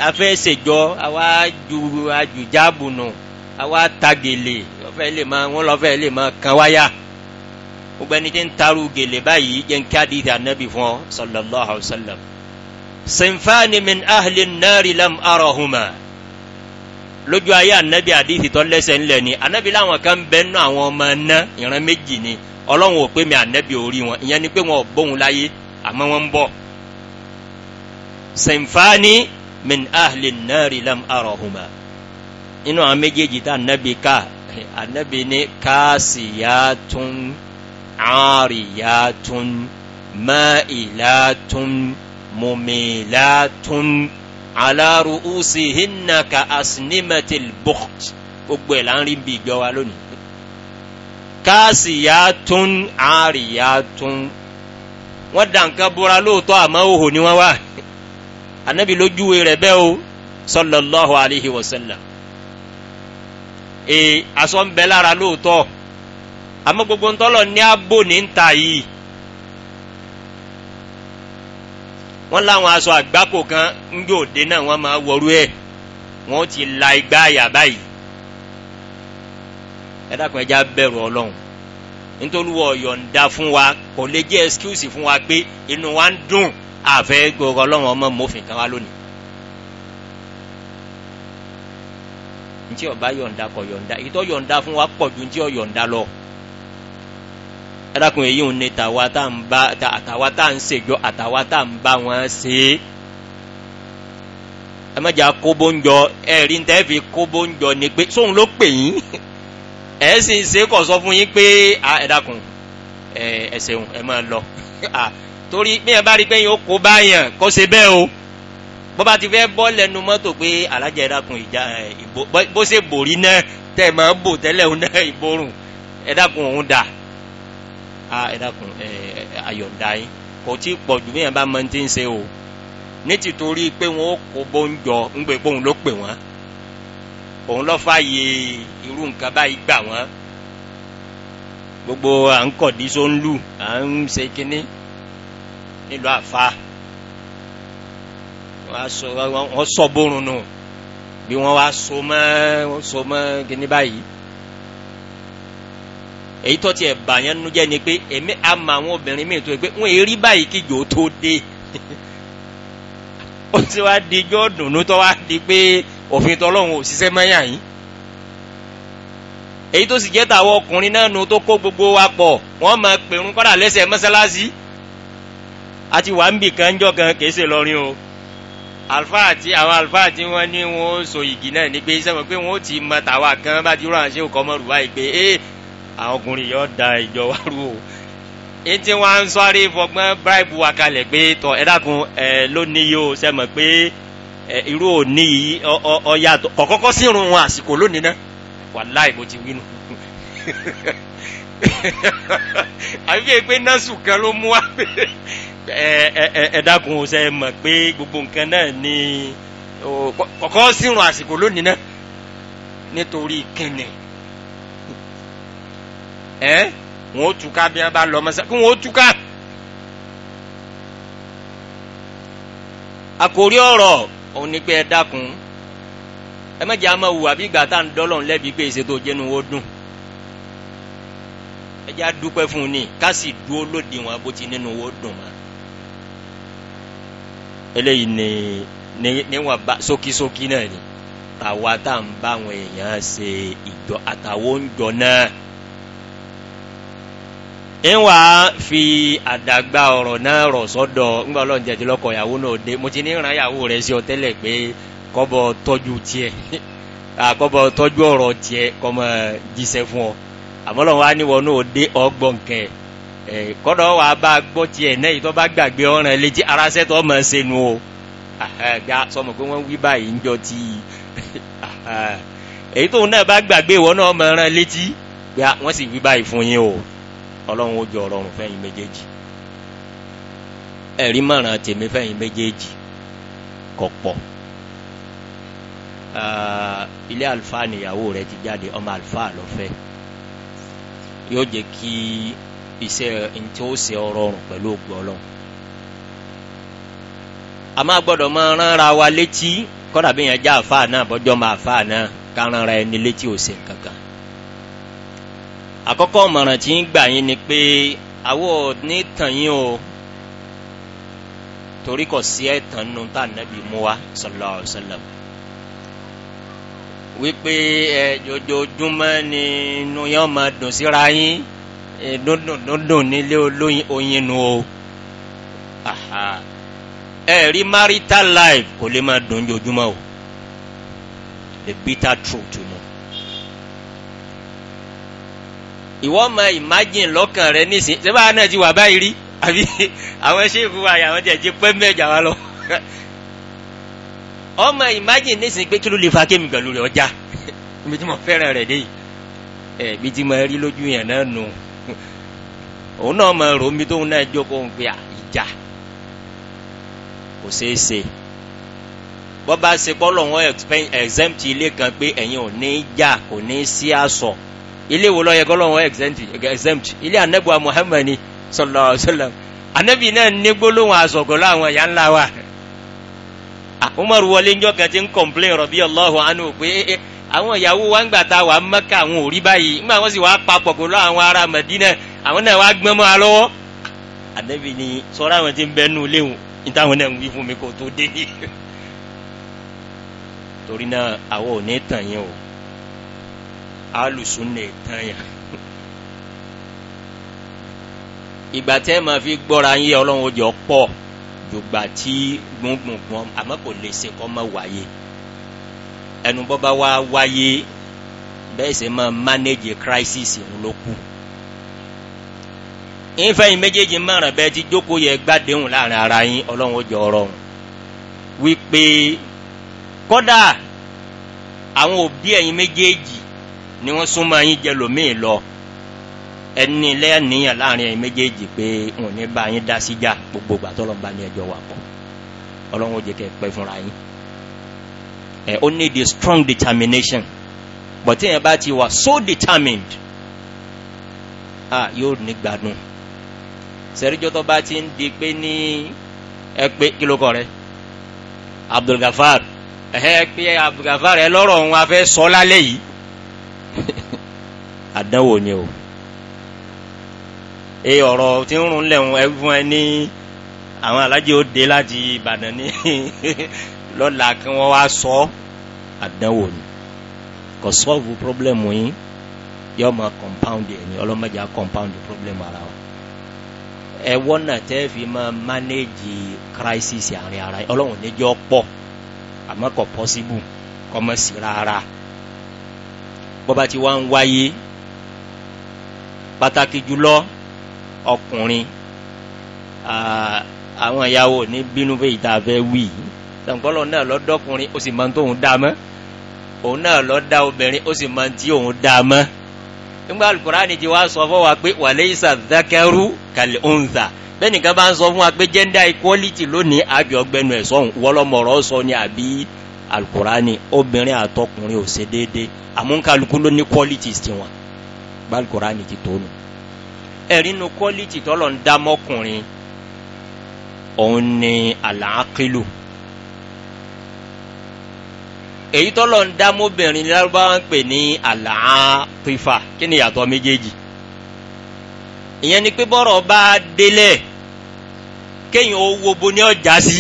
afẹ́ ṣèjọ́ àwa ju àjùjáàbùnù àwa tagèlè fẹ́ lè máa wọ́n lọ fẹ́ lè máa kan wáyà gbogbo ẹni tí ń taru gèlè báyìí jẹ́ ń kí àdìdì ànábì fún ọ sallallahu alayhi wa sallam sinfani min ahli nari lam arahuma lójú ayé ànábì àdìdì tó lẹ́sẹ̀ ńlẹ̀ ni ànábì láwọn kan bẹ́ẹ̀ àwọn ọmọ ẹ̀ná ìran méjì ni ọlọ́run ò pé mi ànábì orí wọn ìyẹn ni pé wọn ò bóhun láyé àmọ́ wọn ń bọ̀ sinfani min ahli nari lam arahuma inú àwọn méjèèjì tá ànábì ká ànábì ní káàsìyàtún àríyàtún máìlàtún mùmìlàtún aláàrù úsì hínà ka asinimatil bukt gbogbo ẹ̀ láàrin bí ìgbẹ́ wa lónìí káàsìyàtún àríyàtún wọ́n dà nǹkan búra lóòótọ́ àmọ́ òhò ni wọ́n wà ànábì lójúwe rẹ̀ bẹ́ẹ̀ o sọlọ́lọ́hu aleyhi ee aṣọ ń bẹ lára lóòótọ́ àmọ́ gbogbo ń tọ́lọ̀ ní ààbò ní ń yìí wọ́n láwọn aṣọ àgbákò kan ń jò dé náà wọ́n máa wọrú ẹ̀ wọ́n ti la igbá àyà báyìí ẹ dákun ẹja bẹ̀rù ọlọ́run nítorí wọ́n yọ̀ǹda fún wa kò lè jẹ́ excuse fún wa pé inú wa ń dùn àfẹ́ gbogbo ọlọ́run ọmọ mọ́fìn kan wá lónìí. ntí ọba yọ̀ǹda kọ̀ yọ̀ǹda ìtọ́ yọ̀ǹda fún wa pọ̀ ju ọ yọ̀ǹda lọ. ẹ̀dàkùn èyí ń ní tàwa tá ń bá àtàwa tá ń bá wọn ṣe ẹ má jà ẹ̀rí ntẹ́ fi ni pé sóun ló pè yín ẹ̀ sì ń ṣe kọ̀ sọ fún yín pé ẹ̀dàkùn ẹ̀ ṣeun ẹ máa lọ. torí bí ẹ bá rí pé yín ó kó báyàn kó ṣe bẹ́ẹ̀ o bọ́ba ti fẹ́ bọ́ lẹ́nu mọ́tò pé alájà ẹ̀dàkùn ìjà ìbò bó ṣe bòrí náà tẹ̀ máa bò tẹ́lẹ̀ òun náà ìborùn ẹ̀dàkùn òun dà á ẹ̀dàkùn àyọ̀ǹda yín kò tí pọ̀ jù bíyànjú bá mọ ti ń ṣe o ní tìtorí pé wọn ó kó bóúnjọ ń gbé pé òun ló pè wọ́n òun lọ́ fààyè irú nǹkan báyìí gbà wọ́n gbogbo à ń kọ̀dí sóńlù à ń ṣe kínní nílùú àfa wọ́n sọ bórun nù bí wọ́n wá so mọ́ so mọ́ gini báyìí èyí tó tiẹ̀ bàyẹn nu jẹ́ ni pé èmi àmà àwọn obìnrin mi tó yẹ pé wọ́n èrí báyìí kí jò tó dé ó ti wá di ijó dùnú tó wá di pé òfin tọlọ́run ò ṣiṣẹ́ mọ́yà yìí èyí tó sì jẹ́ tàwọn ọkùnrin náà nu tó kó gbogbo wa pọ̀ wọ́n máa pèrún kọ́dà lẹ́sẹ̀ mọ́sálásí àti wàá ń bì kan jọ kan kèé ṣe lọ́rin o àlùfáà tí àwọn àlùfáà tí wọ́n ní wọn ó so igi náà ní pé sẹ́wọ̀n pé wọ́n ó ti mọ tàwa kan bá ti rán àṣẹ òkọ́ mọ́rù báyìí pé àwọn ọkùnrin yóò da ìjọ wa rú o èyí tí wọ́n ń sọ́rí fọgbọ́n bíráìbù wa kalẹ̀ pé tọ ẹ dákun lónìí yóò sẹ́mọ̀ pé irú òní yìí ọ̀yàtọ̀ kọ̀kọ́kọ́ sírun wọn àsìkò lónìí náà wàláì bó ti wí àbí pé násù kan ló mú wá ẹ̀ẹ́dàkùn ọ̀sẹ̀ mọ̀ pé gbogbo nǹkan náà ni kọ̀kọ́ sírun àsìkò lónìí náà nítorí kẹnẹ̀ ẹ́ wọn ó túká bí wọn bá lọ mọ́sá kí wọn ó túká. àkórí ọ̀rọ̀ òun ni pé ẹ dákun ẹ mọ̀jẹ̀ àmọ́ wù àbí ìgbà tá à ń dọ́lọ́run lẹ́bi pé èsè tó jẹ́nu ó dùn ẹjá dúpẹ́ fún un ní ká sì dúó lóde wọn bó ti nínú owó dùn wọn. eléyìí ni níwọ̀n bá sókísókí náà ni tàwa tá à ń bá àwọn èèyàn ṣe ìjọ àtàwọn oúnjọ náà. ìwà fi àdàgbà ọ̀rọ̀ náà rọ̀ sọ́dọ̀ ńgbà ọlọ́run jẹ̀dí lọ́kọ̀ ìyàwó náà dé mo ti ní ìran ìyàwó rẹ̀ sí ọ tẹ́lẹ̀ pé kọ́bọ̀ tọ́jú tiẹ̀ àkọ́bọ̀ tọ́jú ọ̀rọ̀ tiẹ̀ kọ́mọ jíṣẹ́ fún ọ àmọ́lọ́run wá ní wọnú òde ọgbọ̀n kẹ kọ́dọ̀ wà bá gbọ́ ti ẹ̀ náà tó bá gbàgbé ọ̀ràn létí ara sẹ́tọ̀ mọ̀ ṣe o gbá sọmọ pé wọ́n wí báyìí ń jọ ti èyí tóun náà bá gbàgbé ìwọ náà mọ̀ ọ̀ràn létí gbá wọ́n sì wí báyìí fún yín o ọlọ́run ó jọ ọ̀rọ̀rùn fẹ́yìn méjèèjì ẹ̀rí mọ̀ràn tèmi fẹ́yìn méjèèjì kọ̀pọ̀ ilé àlùfáà nìyàwó rẹ ti jáde ọmọ àlùfáà lọ́fẹ́ẹ́ yóò jẹ́ kí iṣẹ́ ntí ó ṣe ọ̀rọ̀ ọ̀rùn pẹ̀lú ògbó ọlọ́run a máa gbọ́dọ̀ máa ránra wa létí kọ́dà bí yẹn já àfáà náà bọ́jọ́ máa àfáà náà ká ránra ẹni létí ò ṣe kankan àkọ́kọ́ ọ̀mọ̀ràn tí ń gbà yín ni pé àwọ̀ ní tàn yín o torí kò sí ẹ̀tàn nù tá nàbì mú wa sọlọ sọlọ wípé ẹ ni inú yẹn máa dùn síra yín dúndùndùndùn nílé olóyin o ẹ̀rí marital life kò lè máa dùn jojoojúmọ́ o the bitter truth you know. ìwọ ma imagine lọ́kàn rẹ nísìn ṣé báwa náà ti wà báyìí rí àbí àwọn ṣéèkù wa àwọn jẹ̀jẹ̀ pẹ́ mẹ́jà wa lọ ọmọ imagine nísìnyí pé kí ló lè fa kémi pẹ̀lú rẹ̀ ọjà ibi tí mo fẹ́ràn rẹ̀ dé ẹ̀ ibi tí mo rí lójú yẹn náà nù òun náà mọ ẹrù omi tóun náà jókòó ń pè ìjà kò ṣeé ṣe bọ́ bá ṣe pọ́ lọ́wọ́ exempt ilé kan pé ẹ̀yin ò ní jà kò ní sí àṣọ ilé wo lọ́yẹ kọ́ lọ́wọ́ exempt ilé anabuwa muhammed sallallahu alayhi wa sallam anabi náà ní gbólóhùn àṣọkọ̀ láwọn ẹ̀yà ńlá wa. Ah, Umaru wọlé ń jọ́kẹ́ tí ń kọ̀m̀plẹ̀ rọ̀bí Allahu anhu pé eh, eh, àwọn ìyàwó wa ń gbà ta wà Mẹ́kà àwọn ò rí báyìí nígbà wọ́n sì wá papọ̀ pẹ̀lú àwọn ará Mẹ̀dínà àwọn náà wá gbọ́n mọ́ alọ́wọ́. Ànábì ni sọ́ra àwọn tí ń bẹ́nu léwu nítawọn náà ń wí fún mi kò tó dé. Torí náà àwọn ò ní tàn yín o alùsùn lè tàn yín. Ìgbà tẹ́ máa fi gbọ́ra yín Ọlọ́run ó dùgbà tí gbọ̀ngbọ̀ngbọ̀n àmọ́ kò lè ṣe kọ́ mọ́ wáyé ẹnu bọ́ bá wá wáyé bẹ́ẹ̀ sì máa manage crisis òun ló kù ìfẹ̀yìn méjèèjì márùn bẹ́ẹ̀ ti jókòó yẹ gbàdéhùn láàrin ara yín ọlọ́run ó jọ ọ̀rọ̀ wípé kọ́dà àwọn òbí ẹ̀yin méjèèjì ni wọ́n súnmọ́ yín jẹ lòmíì lọ. Lo ẹni lẹ́ẹ̀níyàn láàrin ẹ̀yìn méjèèjì pé wọn ní bá yín dá síjà gbogbo ìgbà tọ́lọ́ bá ní ẹjọ́ wà pọ̀ ọlọ́run jẹ́ kẹ́ pẹ́ fúnra yín ó ní the strong determination but tí yẹn bá ti wà so determined ah yóò ní gbádùn sẹ́ríjọ́ tó bá ti ń di pé ní ẹ pé kí ló kọ rẹ abdulgafar ẹ pé abdulgafar ẹ lọ́rọ̀ òun afẹ́ sọ lálẹ́ yìí àdánwò ni o e ọ̀rọ̀ tí ń rún lẹ́hùn ẹ fún ẹ ní àwọn alájẹ ó dé láti ìbàdàn ní lọ́la kí wọ́n wá sọ àdánwò ni kò sọ́ọ̀bù pọ́blẹ́mù yín yọ ma compound ẹni ọlọ́mọdé compound problem ara wa ẹ wọ́nà tẹ́ fi ma manage crisis àárín ara ọlọ́run níjọ́ pọ̀ àmọ́ kò possible kò mọ̀ sí rárá bọ́ba ti wá ń wáyé pàtàkì jùlọ ọkùnrin àwọn ìyàwó ní bínú pé ìtafẹ́ wì tàǹkọ́lọ̀ náà lọ dọ́kùnrin ó sì máa tóun dá mọ́ òun náà lọ dá obìnrin ó sì máa tí òun dá mọ́ nígbà alukùránì ti wá sọ fọ́ wa pé wàlẹ́ ìsà dákẹ́rú kàlẹ́ òǹzà bẹ́nìkan bá ń sọ fún wa pé gender equality lónìí àbí ọgbẹ́nu ẹ̀sọ́ wọ́lọ́mọ̀rọ̀ sọ ni àbí alukùránì obìnrin àtọkùnrin ò se déédéé àmúkálukú ló ní qualities tiwọn bá alukùránì ti tónu ẹ̀rínú kọ́lítì tọ́lọ̀ ń dá mọ́kùnrin òun ni àlàákìlù èyí tọ́lọ̀ ń dá mọ́bìnrin lárúbáwá ń pè ní àlàápífà kí ni ìyàtọ̀ méjèèjì ìyẹn ni pé bọ́rọ̀ bá délẹ̀ kéyìn owó bo ní ọjà sí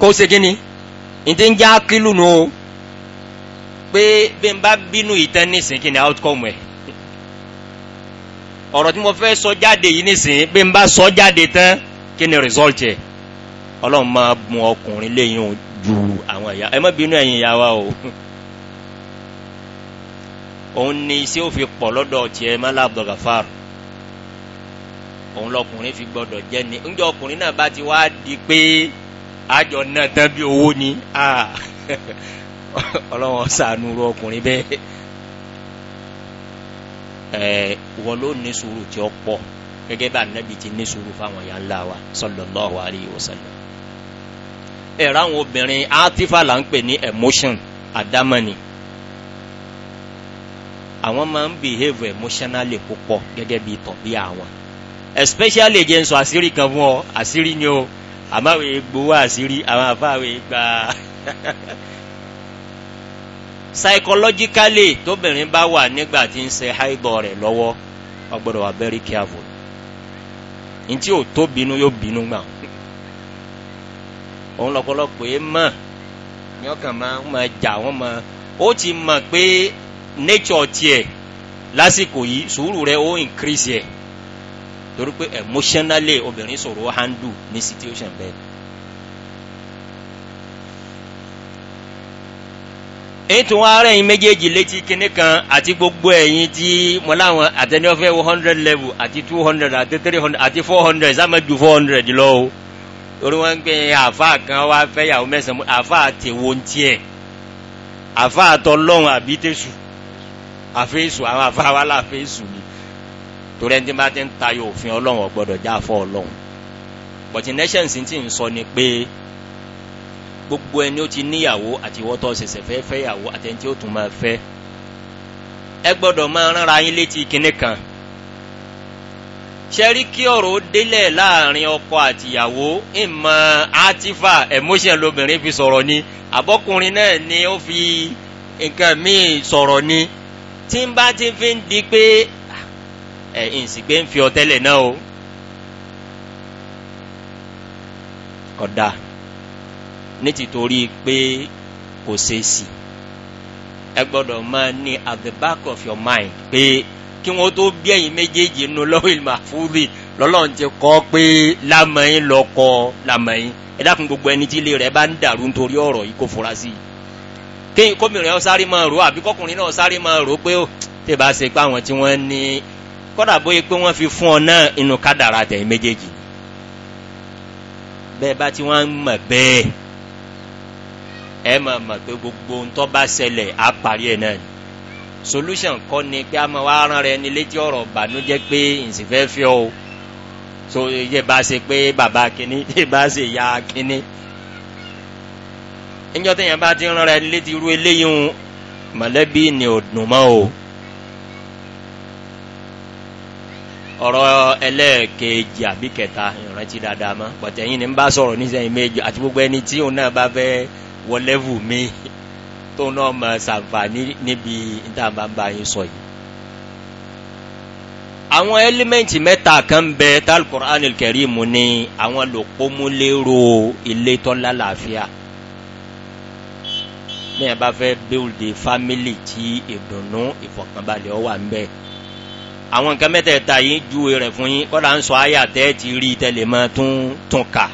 kó ṣe kí ni ìdí ń já kílù nù pé bí n bá bínú ìtẹ́ kí ni outcome ẹ̀ ọ̀rọ̀ tí mo fẹ́ sọ jáde yìí nísìnyí pé n bá sọ jáde tán kí ni result yẹ ọlọ́run máa bùn ọkùnrin lẹ́yìn o ju àwọn ẹ̀yà ẹ má bínú ẹ̀yìn ìyá wa o òun ni iṣẹ́ ò fi pọ̀ lọ́dọ̀ tiẹ̀ mọ́lá abdulgafar òun lọkùnrin fi gbọ́dọ̀ jẹ́ ni ńjọ ọkùnrin náà bá ti wá di pé àjọ náà tán bí owó ni ah. ọlọ́run ṣàánú ọkùnrin bẹ́ẹ̀. wọ́n ló ní sùúrù tí ó pọ̀ gẹ́gẹ́ bá nẹ́bí ti ní sùúrù fáwọn ìyá ńlá wa sallallahu alayhi obìnrin átífà là ń emotion adamani àwọn máa ń behave emotionally púpọ̀ gẹ́gẹ́ bí tọ̀bí àwọn especially jẹ́ àṣírí kan fún ọ àṣírí ni o àmáwé gbowó àṣírí àwọn psychologically tóbìnrin bá wà nígbà tí ń ṣe haibọ rẹ̀ lọ́wọ́ ọgbọdọ wà very careful ntí ò tó binu yóò binu gbà òun lọ́pọ̀lọpọ̀ yẹn mọ̀ ní ọkàn máa ń máa jà wọ́n máa ó ti mọ̀ pé nature tiẹ̀ lásìkò yìí sùúrù rẹ̀ ó increase yẹ torí pé emotionally obìnrin sọ̀rọ̀ handle ní situation bẹ́ẹ̀. ètò wọn ara ẹ̀yin méjèèjì létí kinní kan àti gbogbo ẹ̀yin tí mo láwọn àtẹni ọ̀fẹ́ level àti 200 hundred àti three hundred àti four hundred sáà mẹ́jù four hundred lọ o torí wọ́n ń gbé àfa kan wá fẹ́ yàwó mẹ́sàn-án àfa àtẹ̀wò ń tiẹ̀ àfa àtọlọ́run àbí tẹ̀sù àfẹ́sù àwọn àfa wa láfẹ́sù ni torí ẹni tí bá ti ń tayọ òfin ọlọ́run ọ̀gbọ́dọ̀ já fọ́ ọlọ́run but nations ti ń sọ ni pé gbogbo ẹni ó ti níyàwó àti wọ́tọ́ ṣẹ̀ṣẹ̀ fẹ́ fẹ́yàwó àtẹni tí ó tún máa fẹ́ ẹ gbọ́dọ̀ máa ránra yín létí kinní kan ṣẹ́rí kí ọ̀rọ̀ délẹ̀ láàrin ọkọ àtìyàwó ìmọ̀ átífà emotion lobìnrin fi sọ̀rọ̀ ni àbọ́kùnrin náà ni ó fi nǹkan míì sọ̀rọ̀ ni tí ń bá ti fi ń di pé ẹ̀ ìsìgbé ń fi ọtẹ́lẹ̀ náà o kódà ní tìtorí pé kò ṣe é sí ẹ gbọ́dọ̀ máa ní at the back of your mind pé kí wọ́n tó bí ẹ̀yìn méjèèjì nínú lọ́wọ́ ìlú àfúrì lọ́lọ́run ti kọ́ pé lámọ̀yìn lọ́kọ́ lámọ̀yìn ẹ dákun gbogbo ẹni tí ilé rẹ bá ń dàrú nítorí ọ̀rọ̀ yìí kò fura sí i kéyìn kómìnrin ọ sáré máa rò àbí kọkùnrin náà sáré máa rò pé ó oh, tè bá ṣe pé àwọn tí wọ́n ní kọ́dà bóyá pé wọ́n fi fún ọ náà inú kádàrà tẹ̀yìn méjèèjì bẹ́ẹ̀ bá tí wọ́n ń mọ̀ ẹ mọ̀ mọ̀ pé gbogbo ohun tó bá ṣẹlẹ̀ á parí ẹ̀ náà solution kọ́ ni pé a máa wá rán rẹ ní létí ọ̀rọ̀ bànújẹ́ pé ǹsìn fẹ́ fi ọ́ so iye bá ṣe pé bàbá kínní iye bá ṣe ya kínní níjọ́ téèyàn bá ti rán rẹ ní létí irú eléyìí ń mọ̀lẹ́bí ni ò dùn mọ́ o. ọ̀rọ̀ ẹlẹ́ẹ̀kejì àbí kẹta ìrántí dáadáa mọ́ pọ̀tẹ́yìn ni ń bá sọ̀rọ̀ nísìnyí méjì àti gbogbo ẹni tí òun náà bá fẹ́ẹ́ wọ lẹ́vù mi tó náà mọ̀ sàǹfààní níbi ìtàbàbà yìí sọ yìí àwọn ẹlímẹ́ǹtì mẹ́ta kan bẹ tálkùránì kẹrìmù ní àwọn lòpómúlérò ilé tọ́lá làáfíà ní ẹ̀bá fẹ́ build a family tí ìdùnnú ìfọ̀kànbalẹ̀ ọ wà ń bẹ́ àwọn nǹkan mẹ́tẹ̀ẹ̀ta yìí ju rẹ̀ fún yín kọ́lá ń sọ ayà tẹ́ ti rí tẹ́lẹ̀ mọ́ tún tún kà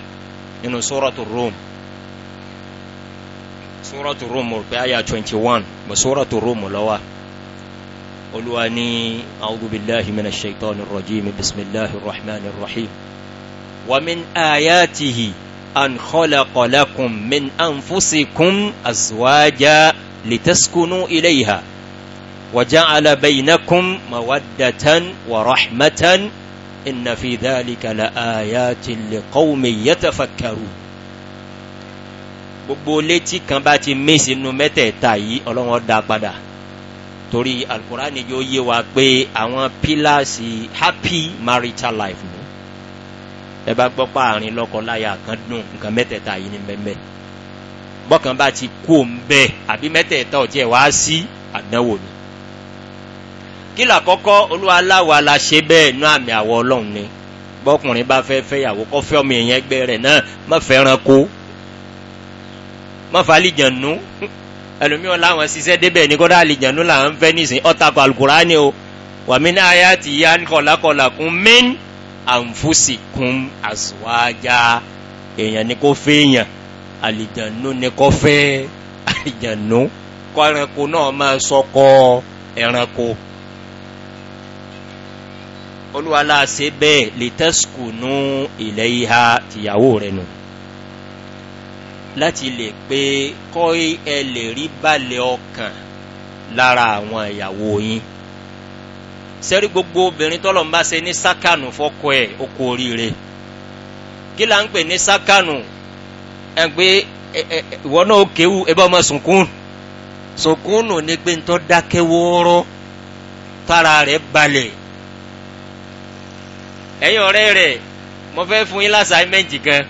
nínú sọ́rọ̀ tó rome sóràtù rómù pé àyà 21 bọ̀ sóràtù rómù lọ́wà olúwa ní a'udhu billahi minash shaitani rajim bismillahi rahmanir rahim wa min ayatihi an khalaqa lakum min anfusikum azwaja litaskunu ilayha wa ja'ala bainakum mawaddatan wa rahmatan inna fi dhalika la ayatin liqaumin yatafakkarun gbogbo létí kan bá ti mése nu mẹ́tẹ̀ẹ̀ta yìí ọlọ́wọ́n dá padà torí alukurani yóò yé wa pé àwọn pílàsì happy marital life nù ẹ bá gbọ́ pa àárín lọ́kọ-láyà kan dùn nǹkan mẹ́tẹ̀ẹ̀ta yìí ní mẹ́mẹ́ bọ́kàn bá ti kó ń bẹ́ àbí mẹ́tẹ̀ẹ̀ta ò tiẹ̀ wá sí àdánwò ni kílà kọ́kọ́ olúwaláwa la ṣe bẹ́ẹ̀ nú àmì àwọ̀ ọlọ́run ni bọ́kùnrin bá fẹ́ fẹ́yàwó kọ́ fẹ́ ọmọ èèyàn ẹgbẹ́ rẹ̀ náà má fẹ́ràn kó mọ́fà alìjànú ẹlòmíràn láwọn ṣiṣẹ́ débẹ̀ ní kọ́dá alìjànú là ń fẹ́ nísìn ọ̀tàkọ̀ alukurani o wàmí náà ayá ti yá kọ̀lákọ̀lá kún mẹ́n àǹfùsì kún àṣùwájà èèyàn ní kò fẹ́ èèyàn alìjànú ní kò fẹ́ alìjànú kọ́ ẹranko náà máa sọkọ ẹranko olúwa láàṣẹ bẹ́ẹ̀ lè tẹ́sùkù nú ilẹ̀ ìhà tìyàwó rẹ̀ nù. No láti lè pé kọ́ ẹ lè rí balẹ̀ ọkàn lára àwọn ìyàwó yín sẹ́rí gbogbo obìnrin tọ́lọ̀ ń bá ṣe ní sákànù fọ́kọ ẹ̀ oko oríire kí là ń pè ní sákànù ẹ pé ìwọ náà kéwu ẹ bá ọmọ sunkún sunkúnù ni pé ń tọ́ dákẹ́ wọ́ọ́rọ́ tára rẹ̀ balẹ̀ ẹ̀yin ọ̀rẹ́ rẹ̀ mo fẹ́ fún yín lásàámẹ́ǹtì kan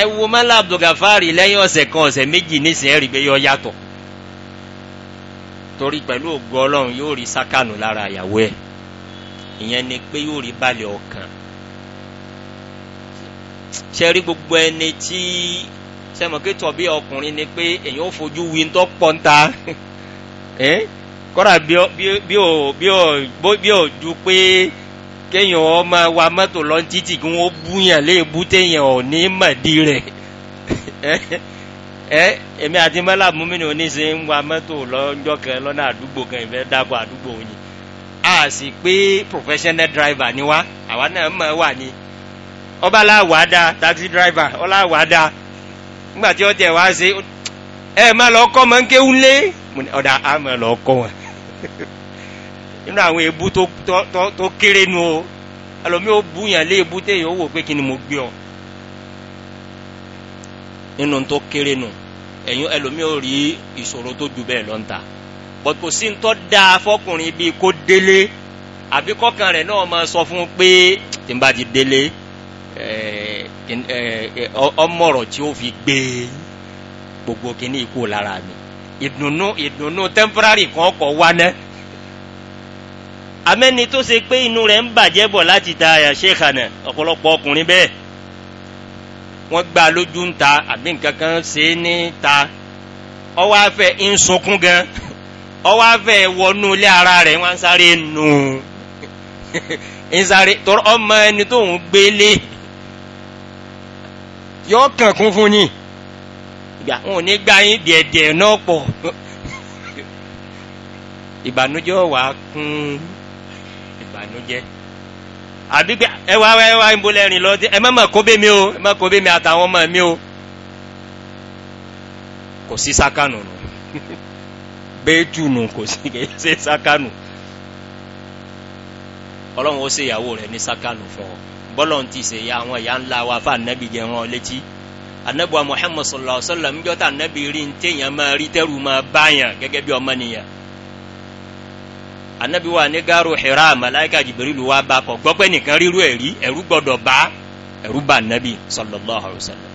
ẹwu mọ́lá abdulgafari lẹ́yìn ọ̀sẹ̀ kan ọ̀sẹ̀ méjì nísìnyẹ́ rí pé yọ yàtọ̀ torí pẹ̀lú ògo ọlọ́run yóò rí sákànù lára ìyàwó ẹ̀ ìyẹn ni pé yóò rí balẹ̀ ọkàn ṣe rí gbogbo ẹni tí sẹ́mọ̀kẹ́tọ̀ bí ọkùnrin ni pé èyàn fojú wí tó pọ́ńta kọ́ra bí ò ju pé kéyàn ọmọ wa mọ́tò lọ títì kí wọ́n búyàn lè bú téyàn ò ní mọ̀dí rẹ̀ ẹ èmi àti mọ́là múmínú oníṣe ń wa mọ́tò lọ́jọ́ kan lọ́nà àdúgbò kan ìfẹ́ dákọ̀ àdúgbò yìí a sì pé professional driver ni wá àwa náà mọ̀ wà ní ọba aláwàdà taxi driver ọláwàdà nígbà tí ó tẹ̀ wá ṣe ẹ má lọ kọ́ mọ́ ń kéwú lé ọ̀dà á lọ kọ́ wọn. nínú àwọn ebú tó kéré nu o ẹlòmí ó bú yàn lé ebú téèyàn ó wò pé kí ni mo gbé ọ nínú tó kéré nu ẹ̀yìn ẹlòmí ó rí ìṣòro tó ju bẹ́ẹ̀ lọ́ńtà bọ́t kò sí ń tọ́ da fọkùnrin bíi kó délé àbí kọ́kàn rẹ̀ náà máa sọ fún pé tí n bá ti délé ọmọọ̀rọ̀ tí ó fi gbé gbogbo kíní ikú lára mi ìdùnnú ìdùnnú tẹ́ḿpárárì kan kọ̀ wá náà amẹ́ni tó ṣe pé inú rẹ̀ ń bàjẹ́ bọ̀ láti ta àyà ṣèkànà ọ̀pọ̀lọpọ̀ ọkùnrin bẹ́ẹ̀ wọ́n gbà lójú ń ta àbí nǹkan kan ṣe é ní ta ọwọ́ afẹ́ ń sunkún gan ọwọ́ afẹ́ wọnú ilé ara rẹ̀ wọ́n sáré nù tọrọ ọmọ ẹni tó gbélé yọ kàn fún yín ìgbà wọn ò ní gbá yín díẹ̀díẹ̀ náà pọ̀ ìbànújẹ́ wà kún un. ìbànújẹ́ àbí pé ẹwà ẹwà ìbólẹ́rìn lọ ẹ má mà kó bẹ́ mi o ẹ má kó bẹ́ mi àtàwọn ọmọ mi o kò sí sákànù nù bẹ́ẹ̀tù nù kò sí ṣe ọlọ́run ó ṣe ìyàwó rẹ̀ ní fún ọ ya àwọn wa fún jẹ wọn létí wa sallallahu wa sallam rí máa rí tẹ́rù máa anabi wa ní gaaru xira malaika jibirilu wa ba kọ gbọpẹ nìkan ríru ẹrí ẹrú gbọdọ bá ẹrú bá anabi sallallahu alaihi wa sallam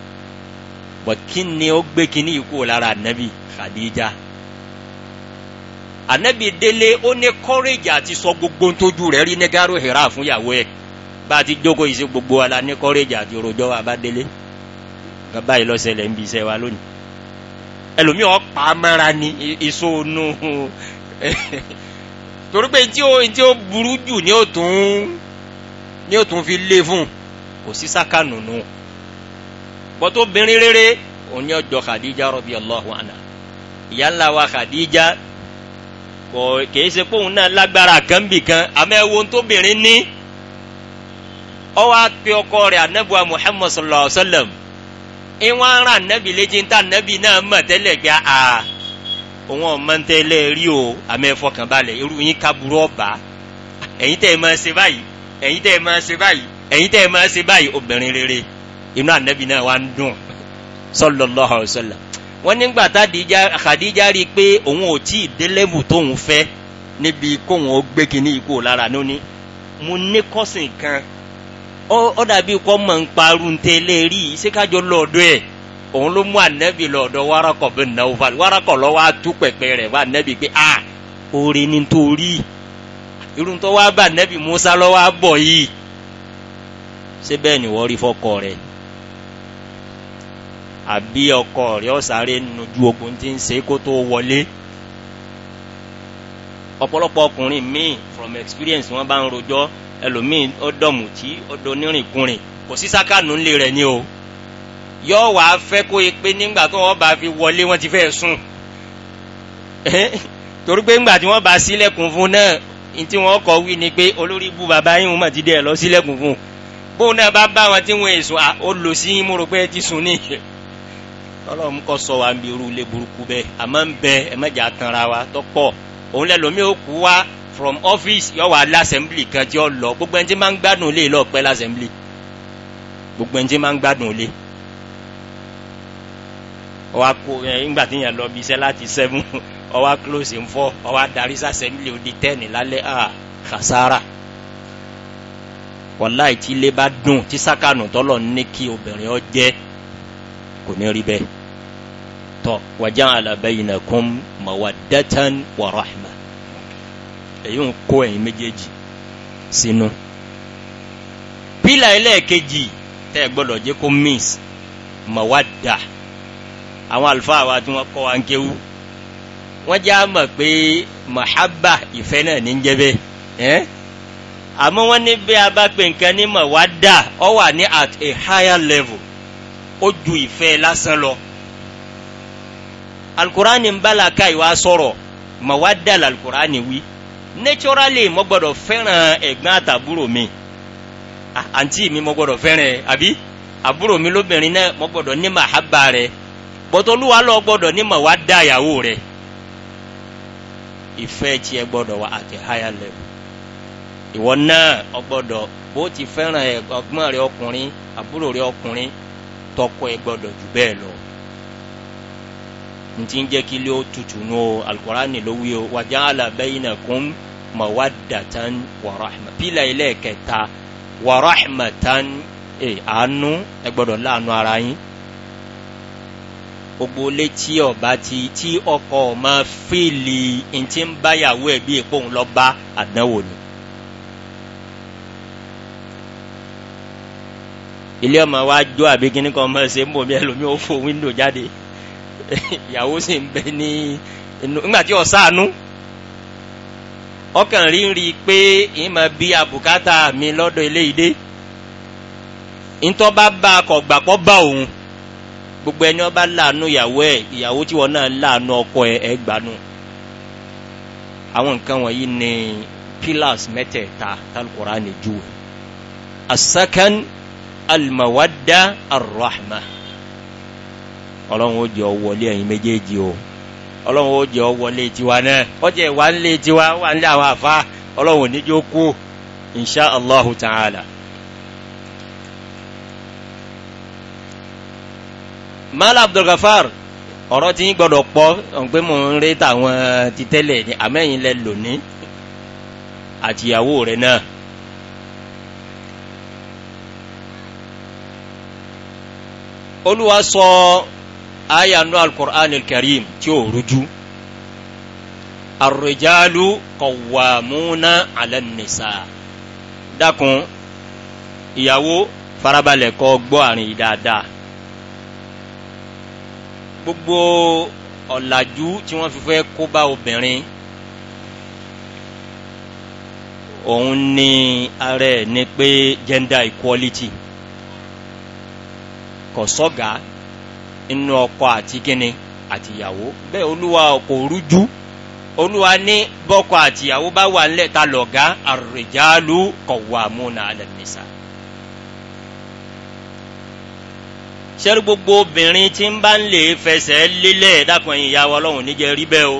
but kí ni ó gbé kíní ikú anabi khadija anabi dele ó ní kọ́rẹ́jì àti sọ gbogbo tójú rẹ̀ rí ní gaaru xira fún yàwó ẹ̀ bá ti jókòó yìí gbogbo wa la ní kọ́rẹ́jì àti rojọ́ dele bá délé bàbá yìí lọ́sẹ̀lẹ̀ ń wa lónìí ẹlòmíràn pa á mára nu torí pé tí ó tí ó burú jù ní òtún ní òtún fi lé fún kò sí sáka nùnú bọ́tò obìnrin rere òní ọjọ́ Khadija radiyallahu anha ìyá ńlá wa Khadija kò kìí ṣe pòun náà lágbára kan bì kan àmẹ́wò tóbìnrin ní ọ wá pe ọkọ rẹ̀ anabuwa Muhammad sallallahu alaihi wa sallam ìwọ̀n ara anabi léjì ń ta anabi náà mọ̀ tẹ́lẹ̀ a á òun ọmọ ń tẹ́lẹ̀ rí o àmọ́ ẹ̀fọkàn balẹ̀ irú yín kábúrú ọ̀bà ẹ̀yin tẹ́ ẹ máa ṣe báyìí ẹ̀yin tẹ́ ẹ máa ṣe báyìí ẹ̀yin tẹ́ ẹ máa ṣe báyìí obìnrin rere inú ànábì náà wá ń dùn sọlọlọ ọsọlọ wọn nígbà tádìjà àkàdíjà rí i pé òun ò tí ì délẹ́bù tóun fẹ́ níbi kóun ó gbé kinní ikú lára lóní mo ní kọ́sìn kan ó dàbí kọ́ mọ̀ ń parun tẹ́lẹ̀ rí i ṣé kájọ lọ́ọ̀dọ́ òun ló mú ànẹ́bì lọ ọ̀dọ̀ wárakọ̀ bí nàúfà wárakọ̀ lọ wá tú pẹ̀pẹ̀ rẹ̀ wá ànẹ́bì pé a orí ni tó rí irun tó wá bá ànẹ́bì musa lọ wá bọ̀ yìí ṣé bẹ́ẹ̀ ni wọ́n rí fọkọ rẹ̀ àbí ọkọ rẹ̀ ọ̀sáré nujú ogun tí ń ṣe kó tó wọlé ọ̀pọ̀lọpọ̀ ọkùnrin míì from experience wọ́n bá ń rojọ́ ẹlòmíì ọdọ̀mùtí ọdọ̀ onírìnkùnrin kò sí sákànú ńlẹ̀ rẹ̀ ni o yọ wàá fẹ́ kó yẹ pé nígbà tó wọ́n bá fi wọlé wọ́n ti fẹ́ sùn torí pé ńgbà tí wọ́n bá sílẹ̀kùn fún náà tí wọ́n kọ̀ wí ni pé olórí bu bàbá yín wọn ti dẹ̀ lọ sílẹ̀kùn fún bóun náà bá bá wọn tí wọn èso olùsí yín mo rò pé ti sùn nìyẹn ọlọ́run kọ́ sọ wa ń bi irú ilé burúkú bẹ́ẹ̀ a ń bẹ ẹ mẹ́jà tanra wa tọ́pọ̀ òun lẹ́lọ́mí ó kú wa from office yọ wa lásẹ̀mblì kan tí ó lọ gbogbo ẹni tí máa ń gbádùn lé lọ́ọ̀pẹ́ lásẹ̀mblì gbogbo ẹni tí máa ń gbádùn lé ọwá kó ẹ eh, ńgbà tí yẹn lọ bí iṣẹ́ láti seven ọwá close in fọ́ ọwá darí sàṣẹ́mílì odi ten lálẹ́ à kàsára wàláì tí ilé bá dùn tí sákànù tọ́lọ̀ ní kí obìnrin ọ jẹ́ kò ní rí bẹ́ẹ̀ tọ́ wàjá alábẹ́yìnàkún mawaddatan wa rahma èyí ń kó ẹ̀yìn méjèèjì sínú pílà ẹlẹ́ẹ̀kejì tẹ́ gbọ́dọ̀ jẹ́ kó miss mawadda àwọn àlùfáà wa tí wọ́n wa ń kéwú wọ́n já mọ̀ pé mahaba ìfẹ́ náà ní jẹ́bẹ́ ẹ́n àmọ́ wọ́n ní bí a bá pè nǹkan ní mọ̀ wá dà ọ wà ní at a higher level ó ju ìfẹ́ lásán lọ alukurani ń bá ká ìwà sọ̀rọ̀ mọ̀ wá dà al wí naturally mo bọ́tọ̀lúwa lọ gbọ́dọ̀ ní mọ̀ wá dá rẹ̀ ìfẹ́ tí ẹ gbọ́dọ̀ wá àti higher level ìwọ náà ọgbọ́dọ̀ bó ti fẹ́ràn rẹ ọkùnrin tọkọ ẹ gbọ́dọ̀ jù bẹ́ẹ̀ lọ ntí ń jẹ́ kí tutù nù ló wí wàjà kún mọ̀ wá pílà ara yín. gbogbo létí ọba ti tí ọkọ ọmọ fíìlì ntí ń báyàwó ẹ bí èpò ń lọ bá àdánwò ni. ilé ọmọ wa jó àbí kíní kan ọmọ ṣe ń bò mí ẹlòmíì ó fò wíńdò jáde ìyàwó sì ń bẹ ní inú nígbà tí ọ̀sánú ọkàn rí ń rí i pé ìmọ̀ bí àbùkátà mi lọ́dọ̀ eléyìí dé ntọ́ bá bá a kọ̀ gbàpọ̀ bá òun gbogbo ẹni ọba láàánú ìyàwó ẹ ìyàwó tí wọn náà láàánú ọkọ ẹ ẹ gbanú àwọn nǹkan wọ̀nyí ni pillars mẹ́tẹ̀ẹ̀ta talukora ni ju asakan almawada arrahma ọlọ́run ó jẹ́ ọ ẹ̀yin méjèèjì o ọlọ́run ó jẹ́ ọ tiwa náà ọjà ìwà ńlẹ̀ tiwa wà ńlẹ̀ àwọn àfa ọlọ́run ò ní jẹ́ ó allahu ta'ala. mala Gafar, ọ̀rọ̀ tí yín gbọ́dọ̀ pọ̀ pé mò ń rí tàwọn ti tẹ́lẹ̀ ní amẹ́yìn lẹ lónìí àtìyàwó rẹ̀ náà olúwa sọ ayanu al-Qur'an al-Karim tí ó rújú ar-rijalu qawwamuna dákun ìyàwó farabalẹ̀ kó gbọ́ àrin dáadáa gbogbo ọ̀làjú tí wọ́n fi fẹ́ kó bá obìnrin òun ni ààrẹ ni pé gender equality kò sọ́gá inú ọkọ àti kíni àtìyàwó bẹ́ẹ̀ olúwa kò rújú olúwa ní bọ́kọ àtìyàwó bá wà nílẹ̀ ta lọ̀gá àrùjálù kọ̀wàmúnà alẹ́ sẹ́rí gbogbo obìnrin tí ń bá ń lè fẹsẹ̀ lélẹ̀ dákun ẹ̀yìn ìyá wa ọlọ́run níjẹ́ rí bẹ́ẹ̀ o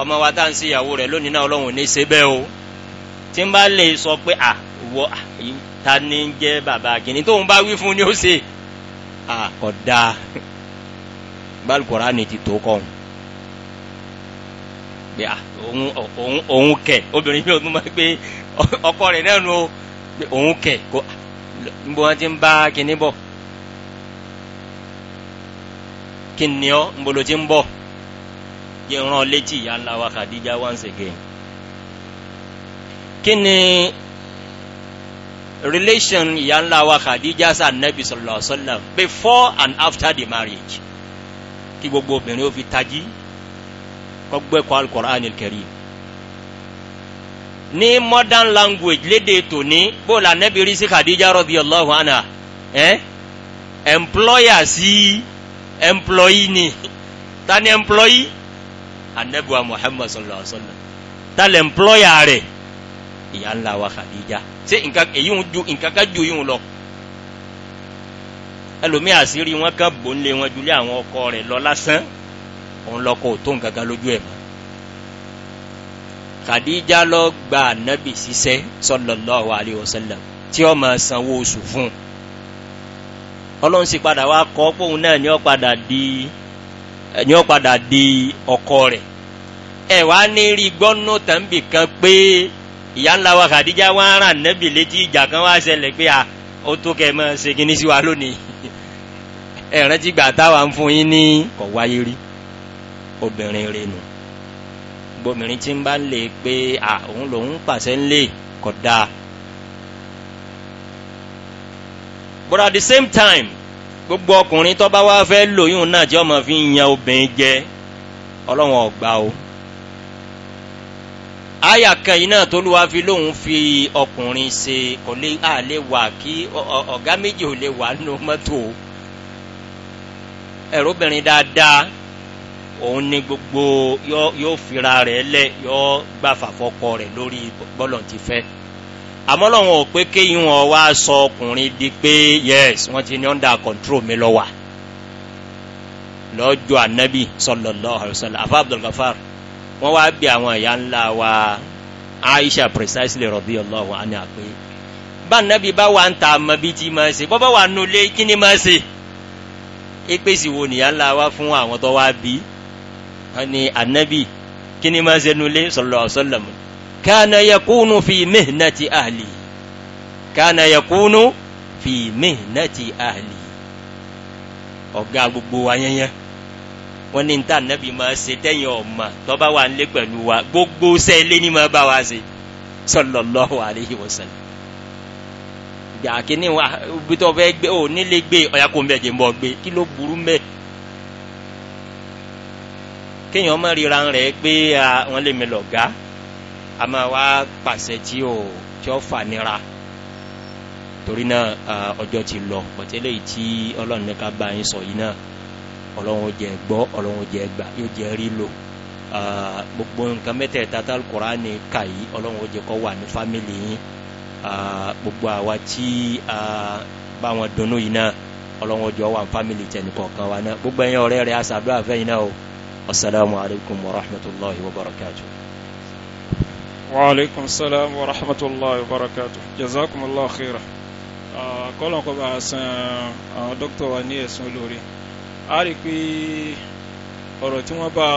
ọmọ wa tá à ń sí ìyàwó rẹ̀ lónìí náà ọlọ́run ní ṣe bẹ́ẹ̀ o tí ń bá lè sọ pé à wọ ta ni ń jẹ́ bàbá kìnní tóun bá wí fún ni ó ṣe àkọ́dá balùkọ́rá ni ti tó kọ́ pé à òun kẹ̀ obìnrin yóò tún máa pé ọkọ rẹ̀ náà nu òun kẹ̀ níbo wọn ti ń bá kìnní bọ̀. kí ni ọ́ ń bolo ti ń bọ̀ jẹ́ rán létí ìyá ńlá wa Khadija once again kí relation ìyá ńlá wa Khadija sa nabi sallallahu alaihi wa sallam before and after the marriage kí gbogbo obìnrin ó fi tají kọgbẹ́kọ̀ al-Qur'an al ní modern language léde tòní bóòlà nẹ́bí rí sí Khadija radiyallahu anha eh? employer sí. Si, employee ni ta ni employee anabiwa muhammad sallallahu alaihi wa sallam ta le employer rẹ ìyá ńlá wa khadija ṣé nǹkan èyí ń ju nǹkan ká ju yìí ń lọ ẹlòmíì àṣírí wọn kàn bò ń lé wọn ju lé àwọn ọkọ rẹ lọ lásán òun lọkọ ò tó nǹkan kan lójú ẹ mọ khadija lọ gba anabi ṣiṣẹ sallallahu alaihi wa tí ó máa sanwó oṣù fún un ọlọ́run sì padà wá kọ́ póun náà ni ó padà di ni ó padà di ọkọ rẹ̀ ẹ wá ní rí gbọ́nú tàǹbì kan pé ìyá ńlá wa kàdíjà wá ń ràn nẹ́bì létí ìjà kan wá ṣẹlẹ̀ pé à ó tó kẹ́ ẹ mọ́ ṣe kíní sí wa lónìí ẹ rántí gbà táwa ń fún yín ní kọ̀ rí obìnrin rẹ̀ nù tí ń bá ń lè pé à òun lòun pàṣẹ ń kọ̀ dáa. but at the same time gbogbo ọkùnrin tó bá wá fẹ́ lò yíò náà tí ọmọ fi ń yan obìnrin jẹ ọlọ́run ọ̀gbà o àyà kan yìí náà tó lùwà fi lóun fi ọkùnrin ṣe kò lè à wà kí ọ̀gá méjì ò lè wà nínú mọ́tò ẹ̀rọ obìnrin dáadáa òun ni gbogbo yóò fira rẹ̀ lẹ̀ yóò gbà fàfọkọ rẹ̀ lórí bọ́lọ̀ ti fẹ́ àmọ́lọ́wọ́n ò pé kí wọ́n wá sọ ọkùnrin di pé yes wọ́n ti ní under control mi lọ́wà lọ́jọ́ ànábì sọlọ́lọ́ ọ̀rọ̀sọ̀lọ́ àfa abdulgafar wọ́n wá bí àwọn ìyá ńlá wa aisha precisely rọ̀bí ọlọ́run á ní àpé bá ànábì bá wà ń ta àmọ́ bí ti máa ṣe bọ́bá wà nù lé kí ni máa ṣe ìpèsè wo nìyá ńlá wa fún àwọn tó wá bí wọ́n ní ànábì kí ni máa ṣe nù lé sọlọ́ كان يكون في مهنة أهلي كان يكون في مهنة أهلي ọ̀gá gbogbo wa yẹnyẹ wọ́n ní ta nẹ́bí máa ṣe tẹ́yìn ọ̀mà tó bá wà nílé pẹ̀lú wa gbogbo ṣẹ́ ilé ní máa bá wa ṣe sọlọ́lọ́hù àríhì wọ̀sẹ̀lẹ̀ ìgbà kìíní wa ibi tó fẹ́ gbé ò nílé gbé ọ̀yà kò ń jẹ́ ń gbé kí ló burú mẹ́ kéèyàn mọ́ ríra rẹ̀ pé wọ́n lè mi lọ̀gá a máa wá pàṣẹ tí ó tí ó fà nira torí náà ọjọ́ ti lọ pọ̀tẹ́lẹ̀ tí ọlọ́run ní ká bá yín sọ yìí náà ọlọ́run jẹ́ gbọ́ ọlọ́run jẹ́ gbà yóò jẹ́ rí lò gbogbo nǹkan mẹ́tẹ̀ẹ̀ta tálùkùrá ní ká yìí ọlọ́run jẹ́ kọ́ wà ní fámìlì yín gbogbo àwa tí bá wọn dunnú yìí náà ọlọ́run jọ wà ní fámìlì tẹnìkọ̀ọ̀kan wa náà gbogbo ẹ̀yin ọ̀rẹ́ rẹ̀ aṣàdúrà fẹ́yìn náà o assalamu wa rahmatulahi wa barakatuh. وعليكم السلام ورحمة الله وبركاته جزاكم الله خيرا kọ́lọ̀n kọ́ bá san àwọn dókítà wa ní ẹ̀sùn olóore a rí pé ọ̀rọ̀ tí wọ́n bá